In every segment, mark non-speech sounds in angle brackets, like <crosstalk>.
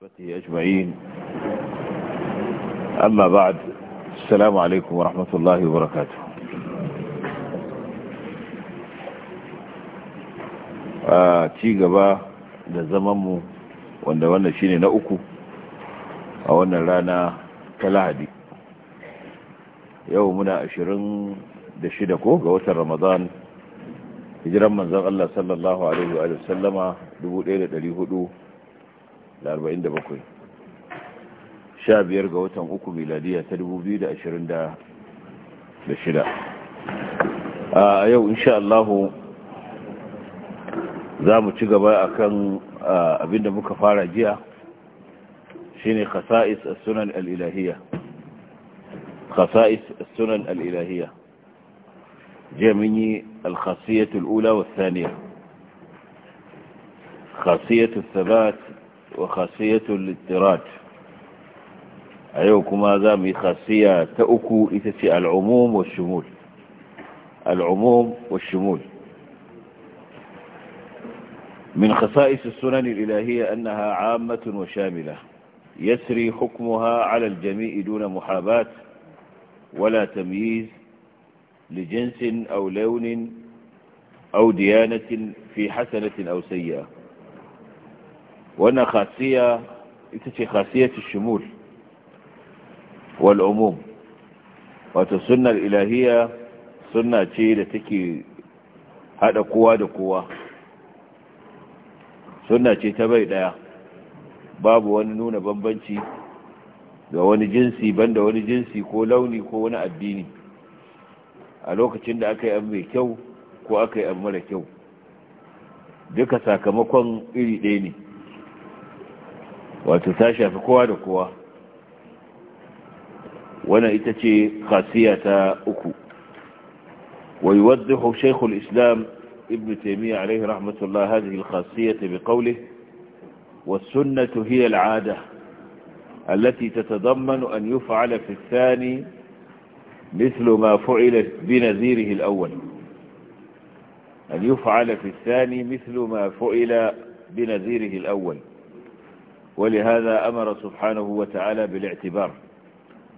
صحبته أجمعين أما بعد السلام عليكم ورحمة الله وبركاته gaba da zamanmu wanda wannan shine na uku a wannan rana ta lahadi yau muna ashirin da shida ko ga watan ramadan hijiran manzan Allah da arba'in da bakwai sha biyar ga watan uku miladiya ta dubu biyu da ashirin da shida a yau insha Allahu za mu ci gaba a kan abinda muka fara jiya shi ne khasa'is sunan al'ilahiyya khasa'is sunan al'ilahiyya jiya mun yi alkhasiyyatul ula wa saniya khasiyyatul sabat وخاصية الاضطراد أيوكما ذامي خاصية تأكو إتتي العموم والشمول العموم والشمول من خصائص السنن الإلهية أنها عامة وشاملة يسري حكمها على الجميع دون محاباة ولا تمييز لجنس أو لون أو ديانة في حسنة أو سيئة wannan khasiya ita ce khasiyatu shumul wal umum wato sunnar ilahiya sunna ce da take hada kowa da kowa sunna ce ta bai daya babu wani nuna bambanci ga wani jinsi banda wani jinsi ko launi ko wani addini a lokacin da aka yi mai kyau ko aka yi mara kyau duka sakamakon iri ɗaya ne wato ta shafi kowa da kowa wannan ita ce khasiya ta uku ويوضح شيخ الإسلام ابن تيمية عليه رحمة الله هذه الخاصية بقوله والسنة هي العادة التي تتضمن أن يفعل في الثاني مثل ما فعل بنذيره الأول أن يفعل في الثاني مثل ما فعل بنذيره الأول ولهذا أمر سبحانه وتعالى بالاعتبار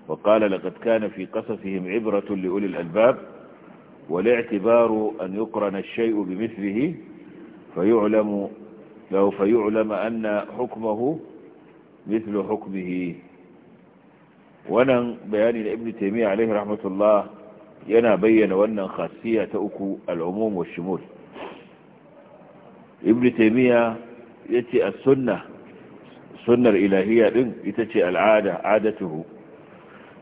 وقال لقد كان في قصصهم عبرة لأولي الألباب والاعتبار أن يقرن الشيء بمثله فيعلم له فيعلم أن حكمه مثل حكمه ونن بيان ابن تيمية عليه رحمة الله ينا بيّن wannan خاصية تأكو العموم والشمول ابن تيمية يتي السنة sunnar ilahiya din ita ce al'ada adatuhu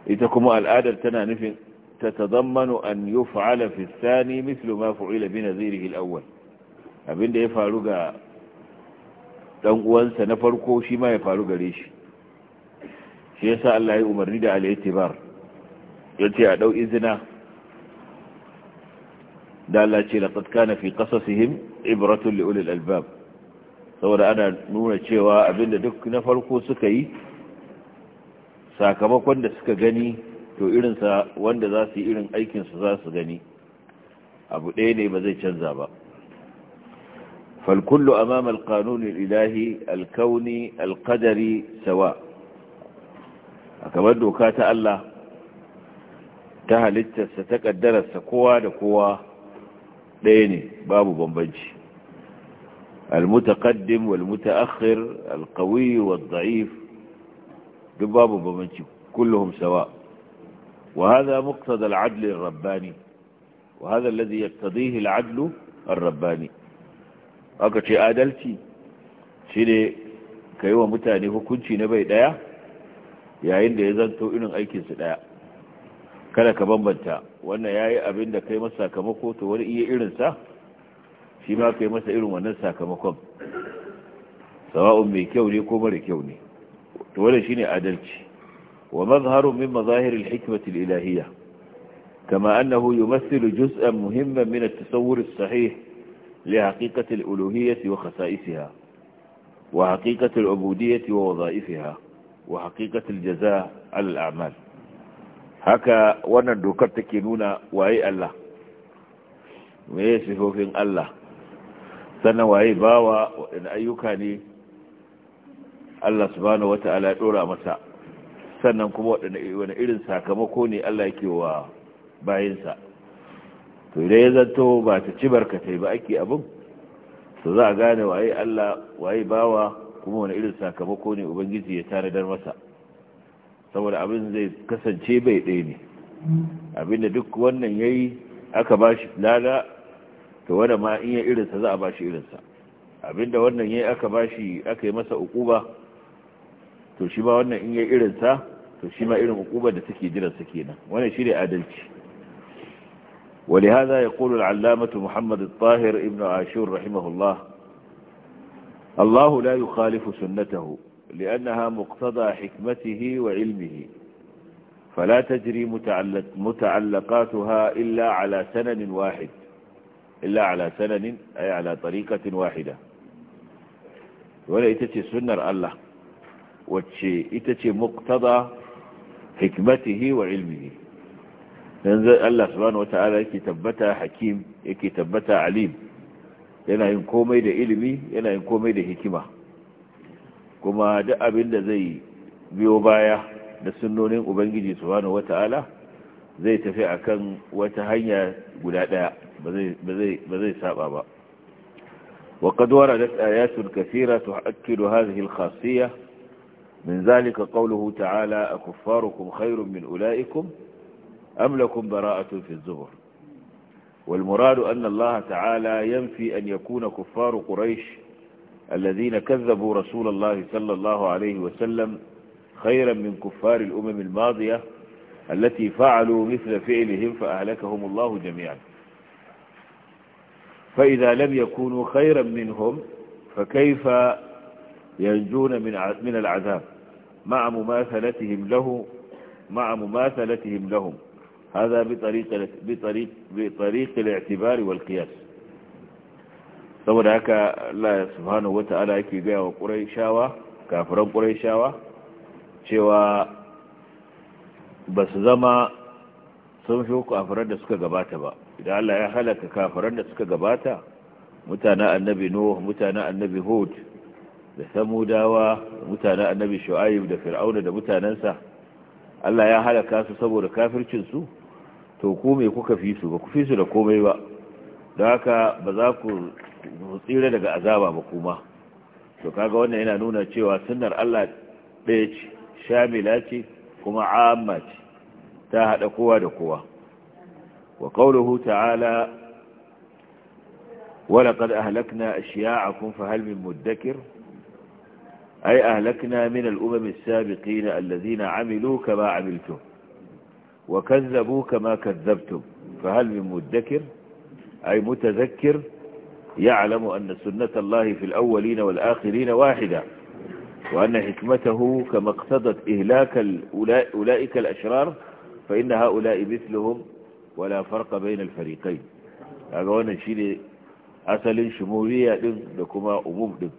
ita kuma al'adar tana nufin تتضمن أن يفعل في الثاني مثل ما فعل بنذيره الأول abin Abinda ya faru ga ɗan uwansa na farko shi ma ya faru gare shi shi yasa Allah ya umarni da al ya yace a ɗau izina da Allah ce laqad na fi qasasihim ibratun li ulil albab saboda ana nuna cewa abinda duk na farko suka yi sakamakon da suka gani to irinsa wanda za su yi irin aikinsu za su gani abu ɗaya ne ba zai canza ba falkullu a mamal kanunin ilahi alkauni alkadari sawa a kamar doka ta Allah ta halittarsa ta ƙaddararsa kowa da kowa ɗaya ne babu bambanci المتقدم والمتأخر القوي والضعيف دباب بمنشي كلهم سواء وهذا مقتضى العدل الرباني وهذا الذي يقتضيه العدل الرباني أكتش آدلتي شيني كيوة متاني هكونشي نبي دايا يا عند ya zanto irin aikinsu ɗaya kada ka bambanta wannan ya yi abin da kai masa sakamako to wani shi ma kai masa irin wannan sakamakon sawa'un mai kyau ne ko mara kyau ne to wannan shine adalci wa mazharu min mazahir al-hikmati al-ilahiyya kama annahu yumathilu juz'an muhimman min at-tasawwur as-sahih li haqiqati al-uluhiyyah wa khasa'isiha wa haqiqati al-ubudiyyah wa wadha'ifiha wa haqiqati al-jazaa' ala al-a'mal haka wannan dokar take nuna waye Allah me sifofin Allah sannan waye bawa waɗanda ayyuka ne Allah subhanahu wata'ala ya ɗora masa sannan kuma waɗanda irin sakamako ne Allah yake wa bayinsa to idan ya zanto ba ta ci barkatai ba ake abin to za a gane waye Allah waye bawa kuma wani irin sakamako ne ubangiji ya dar masa saboda abin zai kasance bai ɗaya ne abinda duk wannan yayi aka bashi lada to wanda ma in ya irinsa za a bashi irinsa abinda wannan yayi aka bashi aka yi masa ukuba to shi ba wannan in ya irinsa to shi ma irin ukubar da take jira sa kenan wannan shi ne adalci ولهذا يقول العلامة محمد الطاهر ابن عاشور رحمه الله الله لا يخالف سنته لأنها مقتضى حكمته وعلمه فلا تجري متعلقاتها إلا على سنن واحد illa ala sananin ay ala tariqatin wahida wala ita ce sunnar Allah wacce ita ce muqtada hikmatihi wa ilmihi dan Allah subhanahu wata'ala yake tabbata hakim yake tabbata alim yana yin komai da ilimi yana yin komai da hikima kuma duk abin da zai biyo baya da sunnonin ubangiji subhanahu wata'ala zai tafi a kan wata hanya guda ɗaya. بذي zai saba وقد وردت آيات كثيرة تؤكد هذه الخاصية من ذلك قوله تعالى أكفاركم خير من أولئكم أم لكم براءة في الزبر والمراد أن الله تعالى ينفي أن يكون كفار قريش الذين كذبوا رسول الله صلى الله عليه وسلم خيرا من كفار الأمم الماضية التي فعلوا مثل فعلهم فأهلكهم الله جميعا فإذا لم يكونوا خيرا منهم فكيف ينجون من من العذاب مع مماثلتهم له مع مماثلتهم لهم هذا بطريق بطريق بطريق الاعتبار والقياس saboda haka Allah subhanahu wata'ala yake gaya wa Qurayshawa kafiran Qurayshawa cewa ba su zama sun fi kafiran da suka gabata ba idan Allah ya halaka kafiran da suka gabata mutanen annabi Nuh mutanen annabi Hud da Samudawa mutanen annabi Shu'aib da Fir'auna da mutanansa Allah ya halaka su saboda kafircin su to ku me kuka fi su ba ku fi su da komai ba don haka ba za ku tsira daga azaba ba kuma to kaga wannan yana nuna cewa sunnar Allah ɗaya ce shamila ce kuma amma ta haɗa kowa da kowa وقوله تعالى ولقد أهلكنا أشياعكم فهل من مدكر أي أهلكنا من الأمم السابقين الذين عملوا كما عملتم وكذبوا كما كذبتم فهل من مدكر أي متذكر يعلم أن سنة الله في الأولين والآخرين واحدة وأن حكمته كما اقتضت إهلاك أولئك الأشرار فإن هؤلاء مثلهم wala farqa bainal fariqain kaga wannan shine asalin shumuliya din da kuma umum din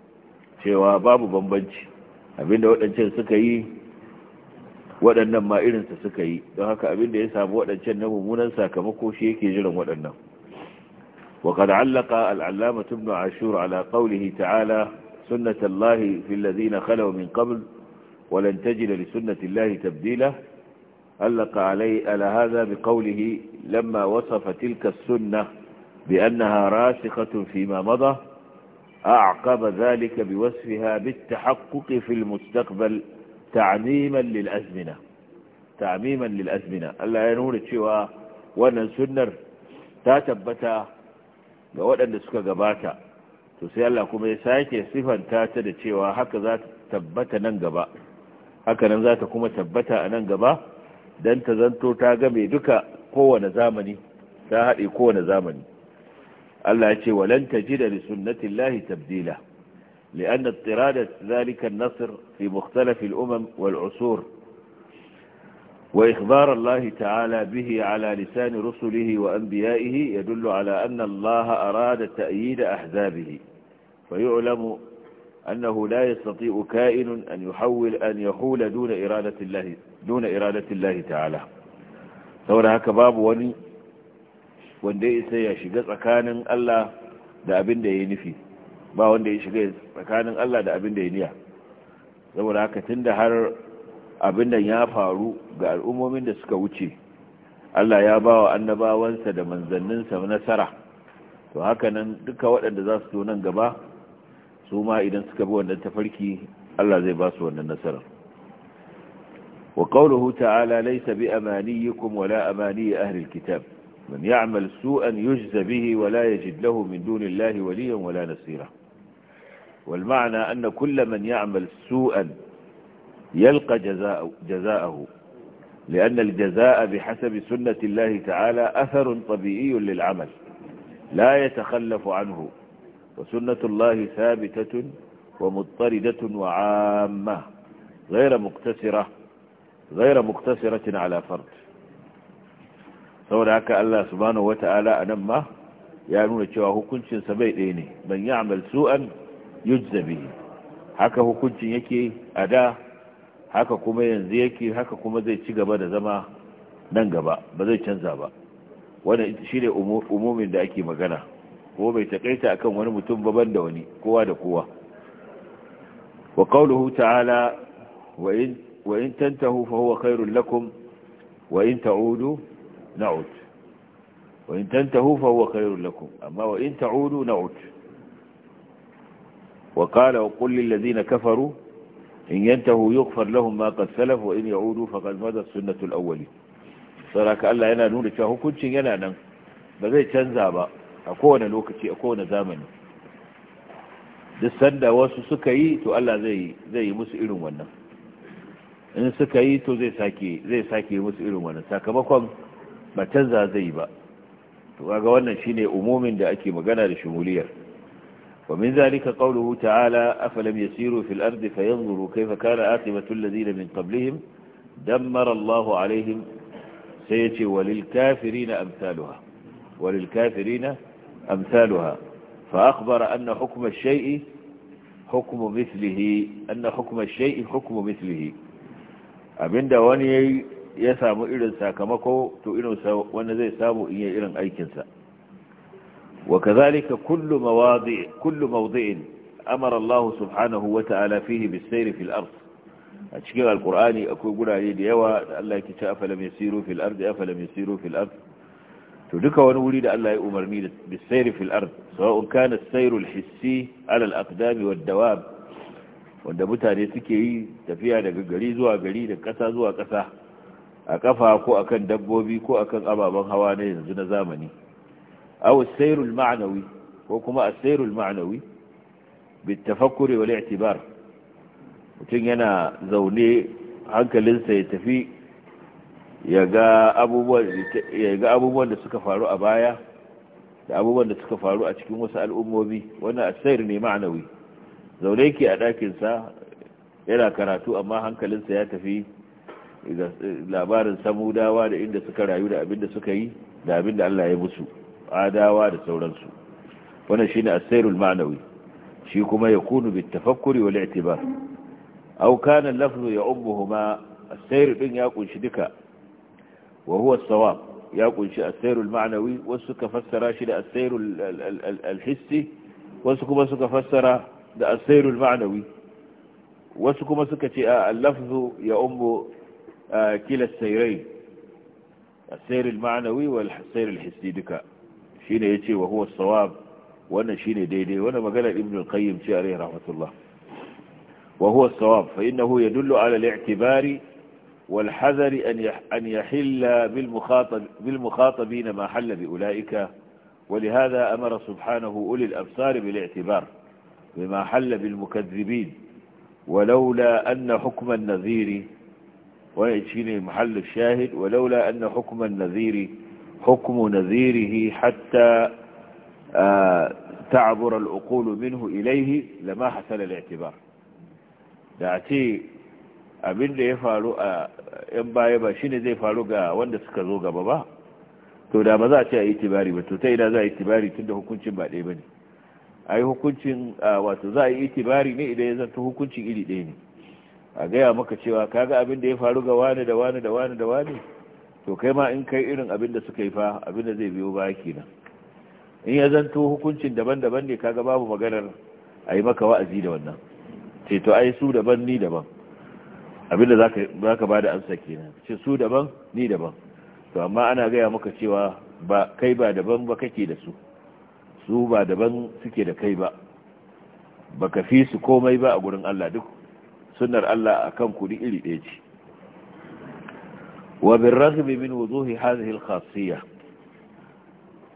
cewa babu bambanci abinda waɗancan suka yi waɗannan ma irinsa suka yi don haka abinda ya samu waɗancan na mummunan sakamako shi yake jiran waɗannan وقد علق العلامة ابن عاشور على قوله تعالى سنة الله في الذين خلوا من قبل ولن تجد لسنة الله تبديلا علق علي على هذا بقوله لما وصف تلك السنة بأنها راسخة فيما مضى أعقب ذلك بوصفها بالتحقق في المستقبل تعميما للأزمنة تعميما للأزمنة ألا ينور تشوى وأن السنر تاتبتا لأود أن نسكى قباتا تسيال لكم يسايك يصفا تاتد تشوى حكذا تبتا ننقبا هكذا تكون تبتا ننقبا don ta zanto ta game duka kowane zamani ta haɗe kowane zamani Allah ce walan tajida li sunnatillahi tabdila لأن اضطراد ذلك النصر في مختلف الأمم والعصور وإخبار الله تعالى به على لسان رسله وأنبيائه يدل على أن الله أراد تأييد أحزابه فيعلم أنه لا يستطيع كائن أن يحول أن يحول دون إرادة الله duna iradatin lahi ta'ala saboda haka babu wani wanda ya isa ya shiga tsakanin Allah da abin da ya nufi ba wanda ya shiga tsakanin Allah da abin da ya niya saboda haka tun da har abin da ya faru ga al'ummomin da suka wuce Allah ya ba wa annabawansa da manzanninsa nasara to haka nan duka waɗanda za su nan gaba su ma idan suka bi wannan tafarki Allah zai ba su wannan nasarar وقوله تعالى ليس بأمانيكم ولا أماني أهل الكتاب من يعمل سوءا يجز به ولا يجد له من دون الله وليا ولا نصيرا والمعنى أن كل من يعمل سوءا يلقى جزاءه لأن الجزاء بحسب سنة الله تعالى أثر طبيعي للعمل لا يتخلف عنه وسنة الله ثابتة ومضطردة وعامة غير مقتصرة zaira muktasiratin ala fard saboda haka Allah subhanahu wata'ala anan ma ya nuna cewa hukuncin sa bai ɗaya ne ban ya'mal su'an yujza haka hukuncin yake a da haka kuma yanzu yake haka kuma zai ci gaba da zama nan gaba ba zai canza ba wannan shine umumin da ake magana ko bai takaita akan wani mutum ba da wani kowa da kowa wa qawluhu ta'ala wa in وإن تنتهوا فهو خير لكم وإن تعودوا نعود وإن تنتهوا فهو خير لكم أما وإن تعودوا نعود وقال وقل للذين كفروا إن ينتهوا يغفر لهم ما قد سلف وإن يعودوا فقد مدت سنة الأولين صلى الله عليه وسلم cewa hukuncin yana nan ba zai canza ba a kowane lokaci a kowane zamani duk زي wasu suka yi in suka yi to zai sake zai sake musu irin wannan sakamakon ba canza zai ba to kaga wannan shine umumin da ake magana da shumuliyar ومن ذلك قوله تعالى أفلم يسيروا في الأرض فينظروا كيف كان آقبة الذين من قبلهم دمر الله عليهم سيتي وللكافرين أمثالها وللكافرين أمثالها فأخبر أن حكم الشيء حكم مثله أن حكم الشيء حكم مثله abinda wani ya samu irin sakamako to irin wani zai samu in irin aikinsa wa kazalika kullu mawadi kullu mawdi'in amara Allah subhanahu wa ta'ala fihi bis-sayr fil ard a cikin alqur'ani akwai gurare da yawa da Allah yake cewa afalam yasiru fil ard afalam yasiru fil ard to duka wani wuri da Allah ya umarni bis-sayr fil ard sawa'un kana as-sayr al-hissi ala al-aqdam wad-dawab wanda mutane suke yi tafiya daga gari zuwa gari da ƙasa zuwa ƙasa a ƙafa ko akan dabbobi ko akan ababen hawa na yanzu na zamani aw sayrul ma'nawi ko kuma as-sayrul ma'nawi bitafakkuri wal i'tibar mutum yana zaune hankalinsa ya tafi ya ga abubuwan da suka faru a baya da abubuwan da suka faru a cikin wasu al'ummomi wannan as-sayr ne ma'anawi zaune ke a ɗakinsa yana karatu amma hankalinsa ya tafi labarin samudawa da inda suka rayu da abinda suka yi da abinda Allah ya musu adawa da sauransu wannan shine ne ma'nawi shi kuma kunu bi tafakkuri wal i'tibar aw kana lafzu ya'ummuhuma as-sayr din ya kunshi duka wa huwa sawab ya kunshi as ma'anawi ma'nawi wasu ka fassara shi da as al-hissi wasu kuma suka fassara da al-ma'nawi wasu kuma suka ce al lafzu ya umbo kila sairai al-ma'nawi wal al hissi duka shine yace wa huwa sawab wannan shine daidai wannan magana ibn al-qayyim ce alayhi rahmatullah wa huwa sawab fa innahu yadullu ala al-i'tibari wal hadari an yahilla bil mukhatab bil mukhatabin ma halla bi ulaika ولهذا أمر سبحانه أولي الأبصار بالاعتبار بما حل بالمكذبين ولولا أن حكم النذير ويأتيني المحل الشاهد ولولا أن حكم النذير حكم نذيره حتى آه، تعبر العقول منه إليه لما حصل الاعتبار دعتي أبن لي فالو إن باي باشيني دي فالو واندس آه، كذوغ بابا تو دا مذا تا اعتباري بتو تا إلا ذا اعتباري تندهو كنش باقي بني a yi hukuncin wato za a yi itibari ne idan ya zanto hukuncin iri ɗaya ne a gaya maka cewa kaga abin da ya faru ga wani da wani da wani da wani to kai ma in kai irin abin da suka yi fa abin da zai biyo baya kenan in ya zanto hukuncin daban-daban ne kaga babu maganar a yi maka wa'azi da wannan ce to ai su daban ni daban abin da za ka ba da amsa kenan ce su daban ni daban to amma ana gaya maka cewa ba kai ba daban ba kake da su su ba daban suke da kai ba baka fi su komai ba a gurin Allah duk sunnar Allah akan kudi iri ɗaya ce wa bin ragbi min wuduhi hadhihi al-khassiyah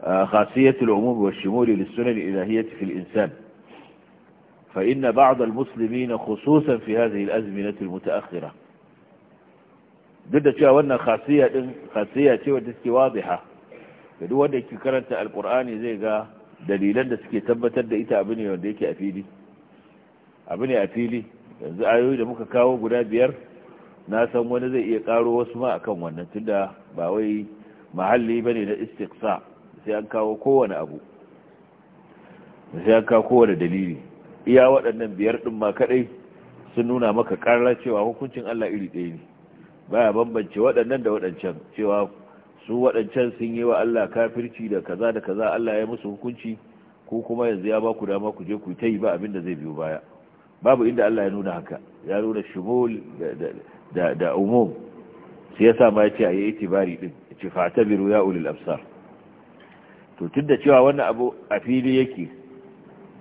خاصية العموم والشمول للسنن الإلهية في الإنسان فإن بعض المسلمين خصوصا في هذه الأزمنة المتأخرة ضد شاونا خاصية خاصية تي ودستي واضحة فدو ودك كرنت القرآن زي قا dalilan da suke tabbatar da ita abu ne wanda yake a fili abu ne a fili yanzu ayoyi da muka kawo guda biyar na san wani zai iya karo wasu ma akan wannan tunda ba wai mahalli bane na istiqsa sai an kawo kowane abu sai an kawo kowane dalili iya waɗannan biyar ɗin ma kaɗai sun nuna maka karar cewa hukuncin Allah iri ɗaya ne baya bambance waɗannan da waɗancan cewa su waɗancan sun yi wa Allah kafirci da kaza da kaza Allah ya musu hukunci ko kuma yanzu ya ba ku dama ku je ku ta yi ba abinda zai biyo baya babu inda Allah ya nuna haka ya nuna shumul da da umum sai yasa ma yace ayi itibari din yace biru ya ulil absar to tunda cewa wannan abu a fili yake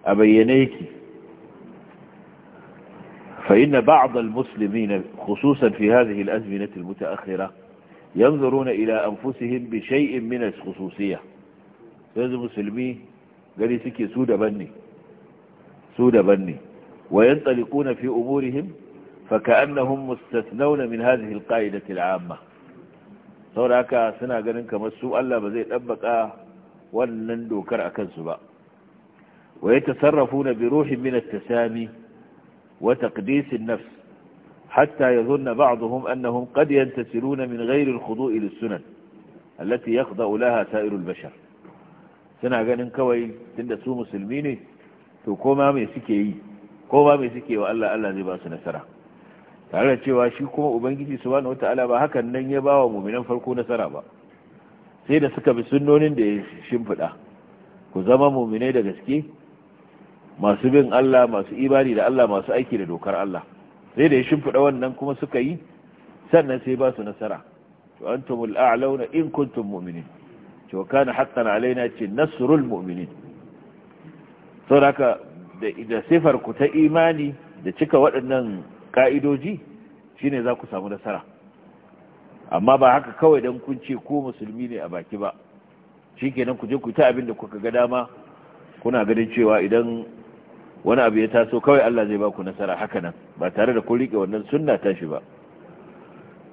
a bayyane yake fa inna ba'd al-muslimin khususan fi hadhihi al azminati al-mutaakhirah yanzuruna ila anfusihim bi shay'in min al-khususiyya yanzu musulmi gari suke su daban ne su daban ne wa yantaliquna fi umurihim fa ka'annahum mustathnawna min hadhihi al-qa'idati al-'amma saboda haka suna ganin kamar su Allah ba zai dabbaka wannan dokar a kansu ba wa yatasarrafuna na ruhin min at-tasami wa taqdis an-nafs حتى يظن بعضهم أنهم قد ينتسلون من غير الخضوع للسنن التي يخضأ لها سائر البشر suna ganin kawai tunda su musulmi ne to koma mai suke yi koma mai suke wa Allah Allah zai ba nasara tare da cewa shi kuma ubangiji subhanahu wata ba hakan nan ya ba wa mu'minan farko nasara ba sai da suka bi sunnonin da ya shimfiɗa ku zama mu'minai da gaske masu bin Allah masu ibadi da Allah masu aiki da dokar Allah sai da ya shimfiɗa wannan kuma suka yi sannan sai ba su nasara to an tumu a'launa in kuntum mu'minin to kana haqqan alaina ce nasrul mu'minin haka da sifar ku ta imani da cika waɗannan ka'idoji shine za ku samu nasara amma ba haka kawai dan kun ce ko musulmi ne a baki ba shikenan ku je ku ta abin da kuka ga dama kuna ganin cewa idan wani abu ya taso kawai Allah zai baku nasara haka nan ba tare da ku rike wannan sunna ta shi ba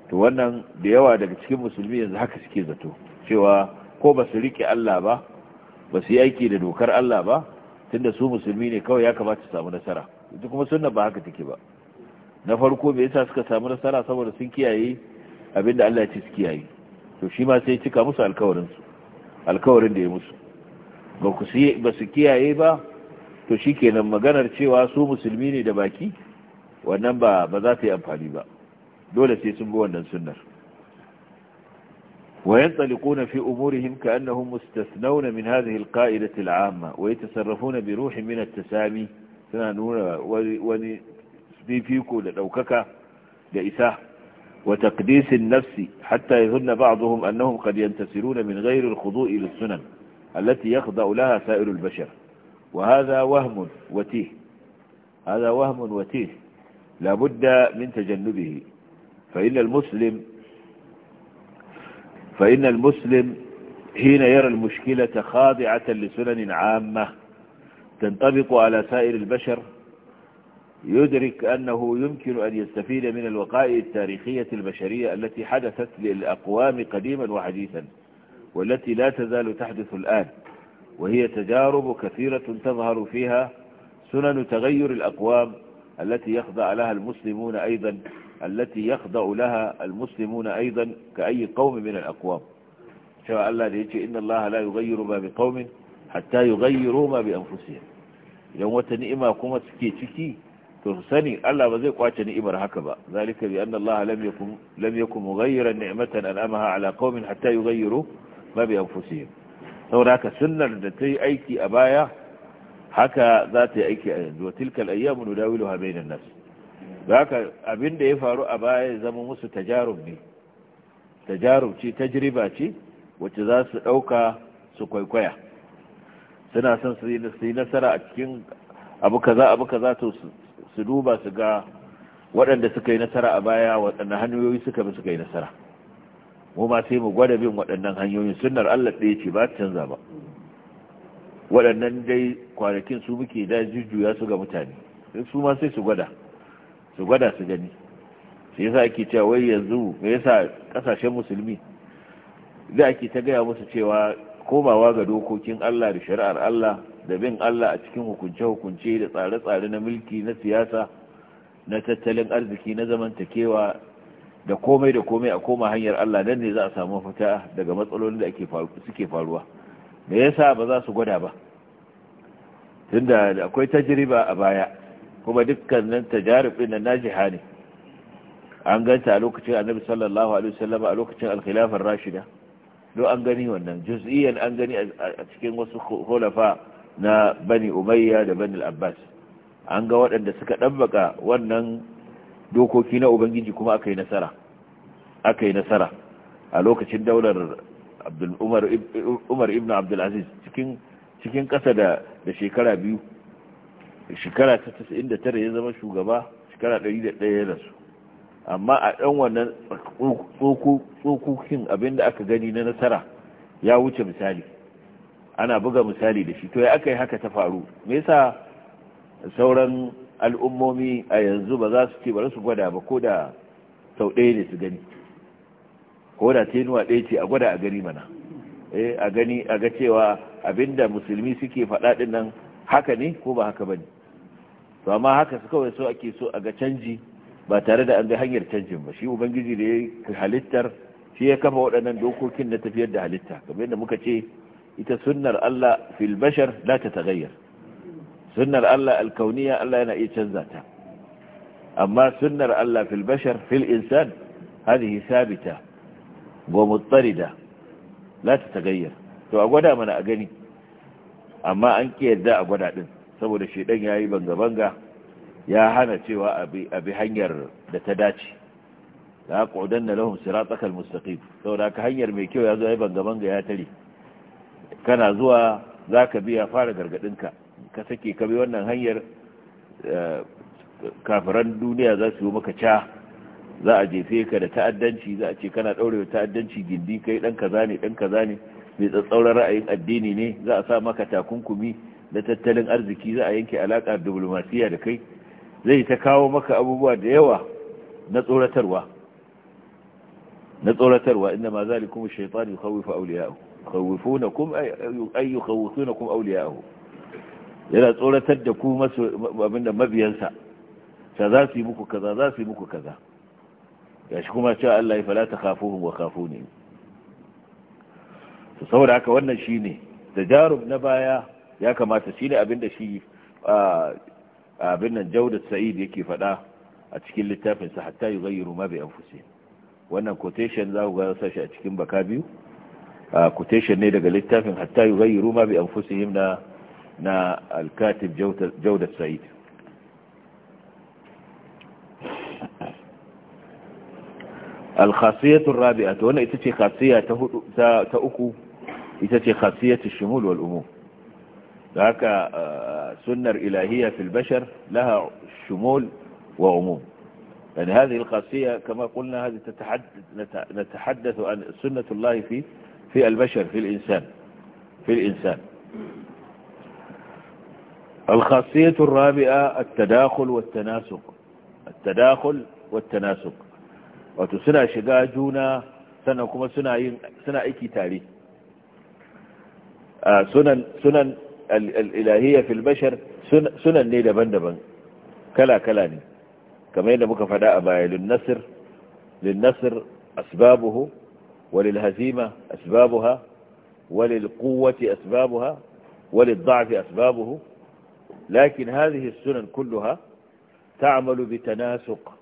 to wannan da yawa daga cikin musulmi yanzu haka suke zato cewa ko ba su rike Allah ba ba su yi aiki da dokar Allah ba tunda su musulmi ne kawai ya kamata su samu nasara ita kuma sunna ba haka take ba na farko me yasa suka samu nasara saboda sun kiyaye abin da Allah ya ce su kiyaye to shi ma sai cika musu alkawarin su alkawarin da ya musu ba ku ba su kiyaye ba to shikenan maganar cewa su musulmi ne da baki wannan ba ba za ta yi amfani ba dole sai sun bi wannan sunnar وينطلقون في أمورهم كأنهم مستثنون من هذه القائدة العامة ويتصرفون بروح من التسامي سنانون ونفيكو لأوككة لإساه وتقديس النفس حتى يظن بعضهم أنهم قد ينتصرون من غير الخضوع للسنن التي يخضع لها سائر البشر وهذا وهم وتيه هذا وهم وتيه لابد من تجنبه فإن المسلم فإن المسلم حين يرى المشكلة خاضعة لسنن عامة تنطبق على سائر البشر يدرك أنه يمكن أن يستفيد من الوقائع التاريخية البشرية التي حدثت للأقوام قديما وحديثا والتي لا تزال تحدث الآن وهي تجارب كثيرة تظهر فيها سنن تغير الأقوام التي يخضع لها المسلمون أيضا التي يخضع لها المسلمون أيضا كأي قوم من الأقوام ل شاء الله ليش ان الله لا يغير ما بقوم حتى يغيروا ما بأنفسهم أ ن ف س ه م يوم تنئما قمت سكي سكي ترسني ألا بذيك واتني امر هكذا ذلك بأن الله لم يكن, لم يكن مغيرا نعمة ع م على قوم حتى يغيروا ما بأنفسهم saboda ka sunnar da ta yi aiki a baya haka za ta yi aiki a yanzu wa tilkal ayyamu nudawiluha bainan nas zaka abin da ya faru a baya ya zama musu tajarub ne tajarub ce tajriba ce wacce za su dauka su kwaikwaya suna son su yi nasara a cikin abu kaza abu kaza to su duba su ga waɗanda suka yi nasara a baya waɗanda hanyoyi suka bi suka yi nasara mu ma sai mu gwada bin waɗannan hanyoyin sunnar Allah ɗaya ce ba canza ba waɗannan dai kwanakin su muke da jujjuya su ga mutane su ma sai su gwada su gwada su gani sai yasa ake cewa wai yanzu me yasa kasashen musulmi da ake ta gaya musu cewa komawa ga dokokin Allah da shari'ar Allah da bin Allah a cikin hukunce-hukunce da tsare-tsare na mulki na siyasa na tattalin arziki na zamantakewa da komai da komai a koma hanyar Allah nan ne za a samu mafita daga matsalolin da suke faruwa me yasa ba za su gwada ba tunda akwai tajriba a baya kuma dukkan dukkanin tajaribin nan najiha ne an ganta a lokacin annabi sallallahu alaihi wasallam a lokacin al rashida do an gani wannan juz'iyan an gani a cikin wasu khulafa na bani umayya da bani abbas an ga waɗanda suka dabbaka wannan dokoki na ubangiji kuma aka yi nasara aka yi nasara a lokacin daular umar ibn abdulaziz cikin cikin ƙasa da shekara biyu shekara ta 99 ya zama shugaba shekara 101 ya rasu amma a ɗan wannan tsokokin abinda aka gani na nasara ya wuce misali ana buga misali da shi to ya aka yi haka ta faru me yasa sauran al'ummomi a yanzu ba za su ce ba su gwada ba ko da sau ɗaya ne su gani ko da tenuwa ɗaya ce a gwada a gani mana eh, a gani a ga cewa abinda musulmi suke faɗa ɗin nan haka ne ko ba haka ba ne to amma haka su kawai so ake so a ga canji ba tare da an ga hanyar canjin ba shi ubangiji da ya halittar shi ya kafa waɗannan dokokin na tafiyar da halitta kamar yadda muka ce ita sunnar Allah filbashar bashar la ta tagayyar sunnar Allah alkauniya Allah yana iya canza ta amma sunnar Allah fil bashar fil insan hadhihi sabita wa mutarida la tatagayyar to a gwada mana a gani amma an ke yadda a gwada din saboda shedan yayi banga banga ya hana cewa abi abi hanyar da ta dace la qudanna lahum siratakal mustaqim saboda ka hanyar mai kyau ya zo yayi banga banga ya tare kana zuwa zaka biya fara gargadin ka ka sake ka bi wannan hanyar eh, kafiran duniya za su yi maka ca za a jefe ka da ta'addanci za a ce kana ɗaurewa ta'addanci gindi kai ɗan kaza ne ɗan kaza ne mai tsatsauran ra'ayin addini ne za a sa maka takunkumi na tattalin arziki za a yanke alaƙa diplomasiya da kai zai ta kawo maka abubuwa da yawa na tsoratarwa na tsoratarwa inda ma zalikum shaytan yukhawifu awliya'ahu khawifuna ay yukhawifuna kum awliya'ahu yana tsoratar da ku abinda mabiyansa ta za su yi muku kaza za su yi muku kaza ya shi kuma cewa Allah ya fala ta kafuhun wa kafu ne su saboda haka wannan shi ne da jarum na baya ya kamata shi ne abinda shi abin nan jaudat sa'id yake faɗa a cikin littafinsa hatta yi zayyaru ma bai fusi wannan quotation za ku ga sashi a cikin baka biyu quotation ne daga littafin hatta yi zayyaru ma bai fusi na ن الكاتب جودة سعيد الخاصية الرابعة خ وانا اتتي خاصية تأكو اتتي خاصية الشمول والامور ذاك آه، س الالهية في البشر لها شمول وعموم يعني هذه الخاصية كما قلنا هذه تتحدث نتحدث عن سنة الله في, في البشر في الانسان في الانسان الخاصية الرابعة التداخل والتناسق التداخل والتناسق وتسنى شقاجونا سنة كما سنة, سنة ايكي تاري آه، سنن, سنن الالهية في البشر سنن نيدا بندبا كلا كلاني كما ينبك فداء باية للنصر للنصر أسبابه وللهزيمة أسبابها وللقوة أسبابها وللضعف أسبابه لكن هذه السنن كلها تعمل بتناسق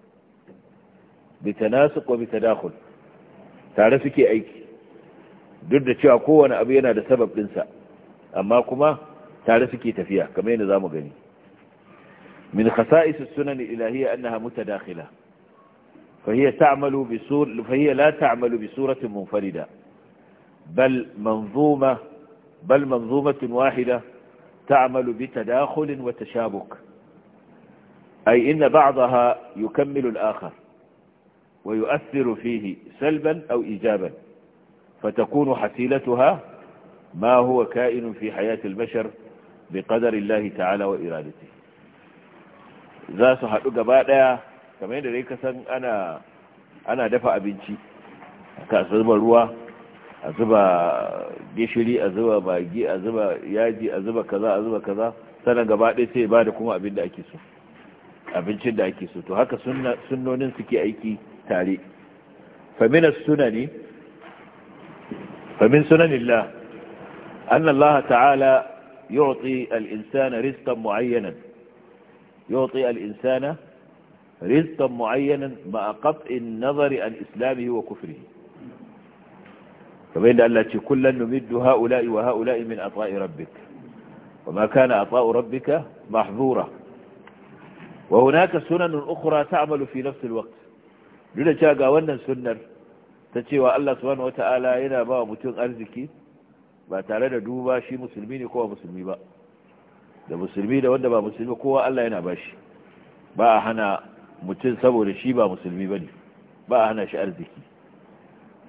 بتناسق وبتداخل تعرفك أيك ضد شيء أقوى أنا أبينا لسبب إنسى أما كما تعرفك تفيا كما نظام غني من خصائص السنن الإلهية أنها متداخلة فهي تعمل بصور فهي لا تعمل بصورة منفردة بل منظومة بل منظومة واحدة تعمل بتداخل وتشابك أي إن بعضها يكمل الآخر ويؤثر فيه سلبا أو إيجابا فتكون حسيلتها ما هو كائن في حياة البشر بقدر الله تعالى وإرادته ذا su haɗu كما ɗaya أنا, أنا dai ka san ana azuba gishiri azuba bagi azuba yaji azuba kaza azuba kaza sana gaba ɗaya sai ba da kuma abin da ake so abincin da ake so to haka sunna sunnonin suke aiki tare famina sunani famin sunanillah anna Allah ta'ala yu'ti al-insana rizqan mu'ayyanan yu'ti al-insana rizqan mu'ayyanan ma'a qat'i an-nazari al-islami wa kufrihi kamar yadda Allah ce kullun numiddu ha'ula'i wa ha'ula'i min ata'i rabbik وما كان عطاء Wa محظورا وهناك سنن أخرى تعمل في نفس الوقت duk da ga wannan sunnar ta cewa Allah subhanahu wata'ala yana ba wa mutum arziki ba tare da duba shi musulmi ne kowa musulmi ba da musulmi da wanda ba musulmi kowa Allah yana ba shi ba a hana mutum saboda shi ba musulmi ba ne ba a hana shi arziki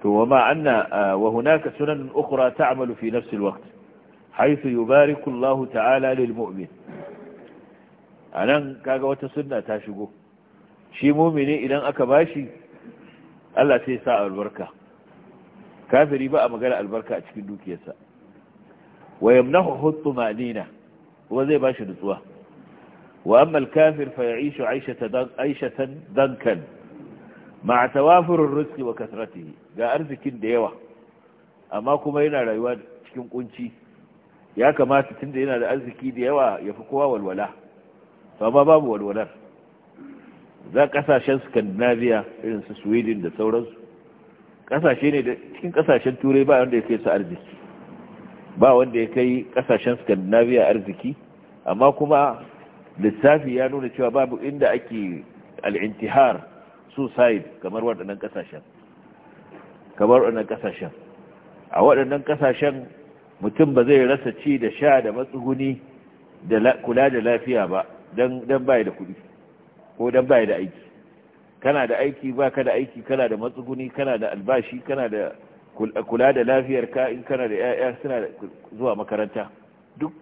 to wama anna wa hunaka sunan ta ta'malu fi nafsi alwaqt haythu barikullahu Allah ta'ala lil mu'min anan kaga wata sunna ta shigo shi mu'mini idan aka bashi Allah sai sa albarka kafiri ba a magana albarka a cikin dukiyarsa wa yamnahu at-tumanina zai bashi nutsuwa wa amma al-kafir fa ya'ishu 'aishatan dankan ma tawafurin rizqi wa kasratihi ga arzikin da yawa amma kuma yana rayuwa cikin kunci ya kamata tunda yana da arziki da yawa ya fi kowa walwala to amma babu walwalar za kasashen Scandinavia irin su Sweden da sauransu kasashe ne da cikin kasashen turai ba wanda ya kai su arziki ba wanda ya kai kasashen Scandinavia arziki amma kuma lissafi ya nuna cewa babu inda ake al-intihar suicide kamar waɗannan ƙasashen kamar waɗannan ƙasashen a waɗannan ƙasashen mutum ba zai rasa ci da sha da matsuguni da kula da lafiya ba don bayi da kuɗi ko don bayi da aiki kana da aiki ba ka da aiki kana da matsuguni kana da albashi kana da kula da lafiyar ka in kana da 'ya'ya suna zuwa makaranta duk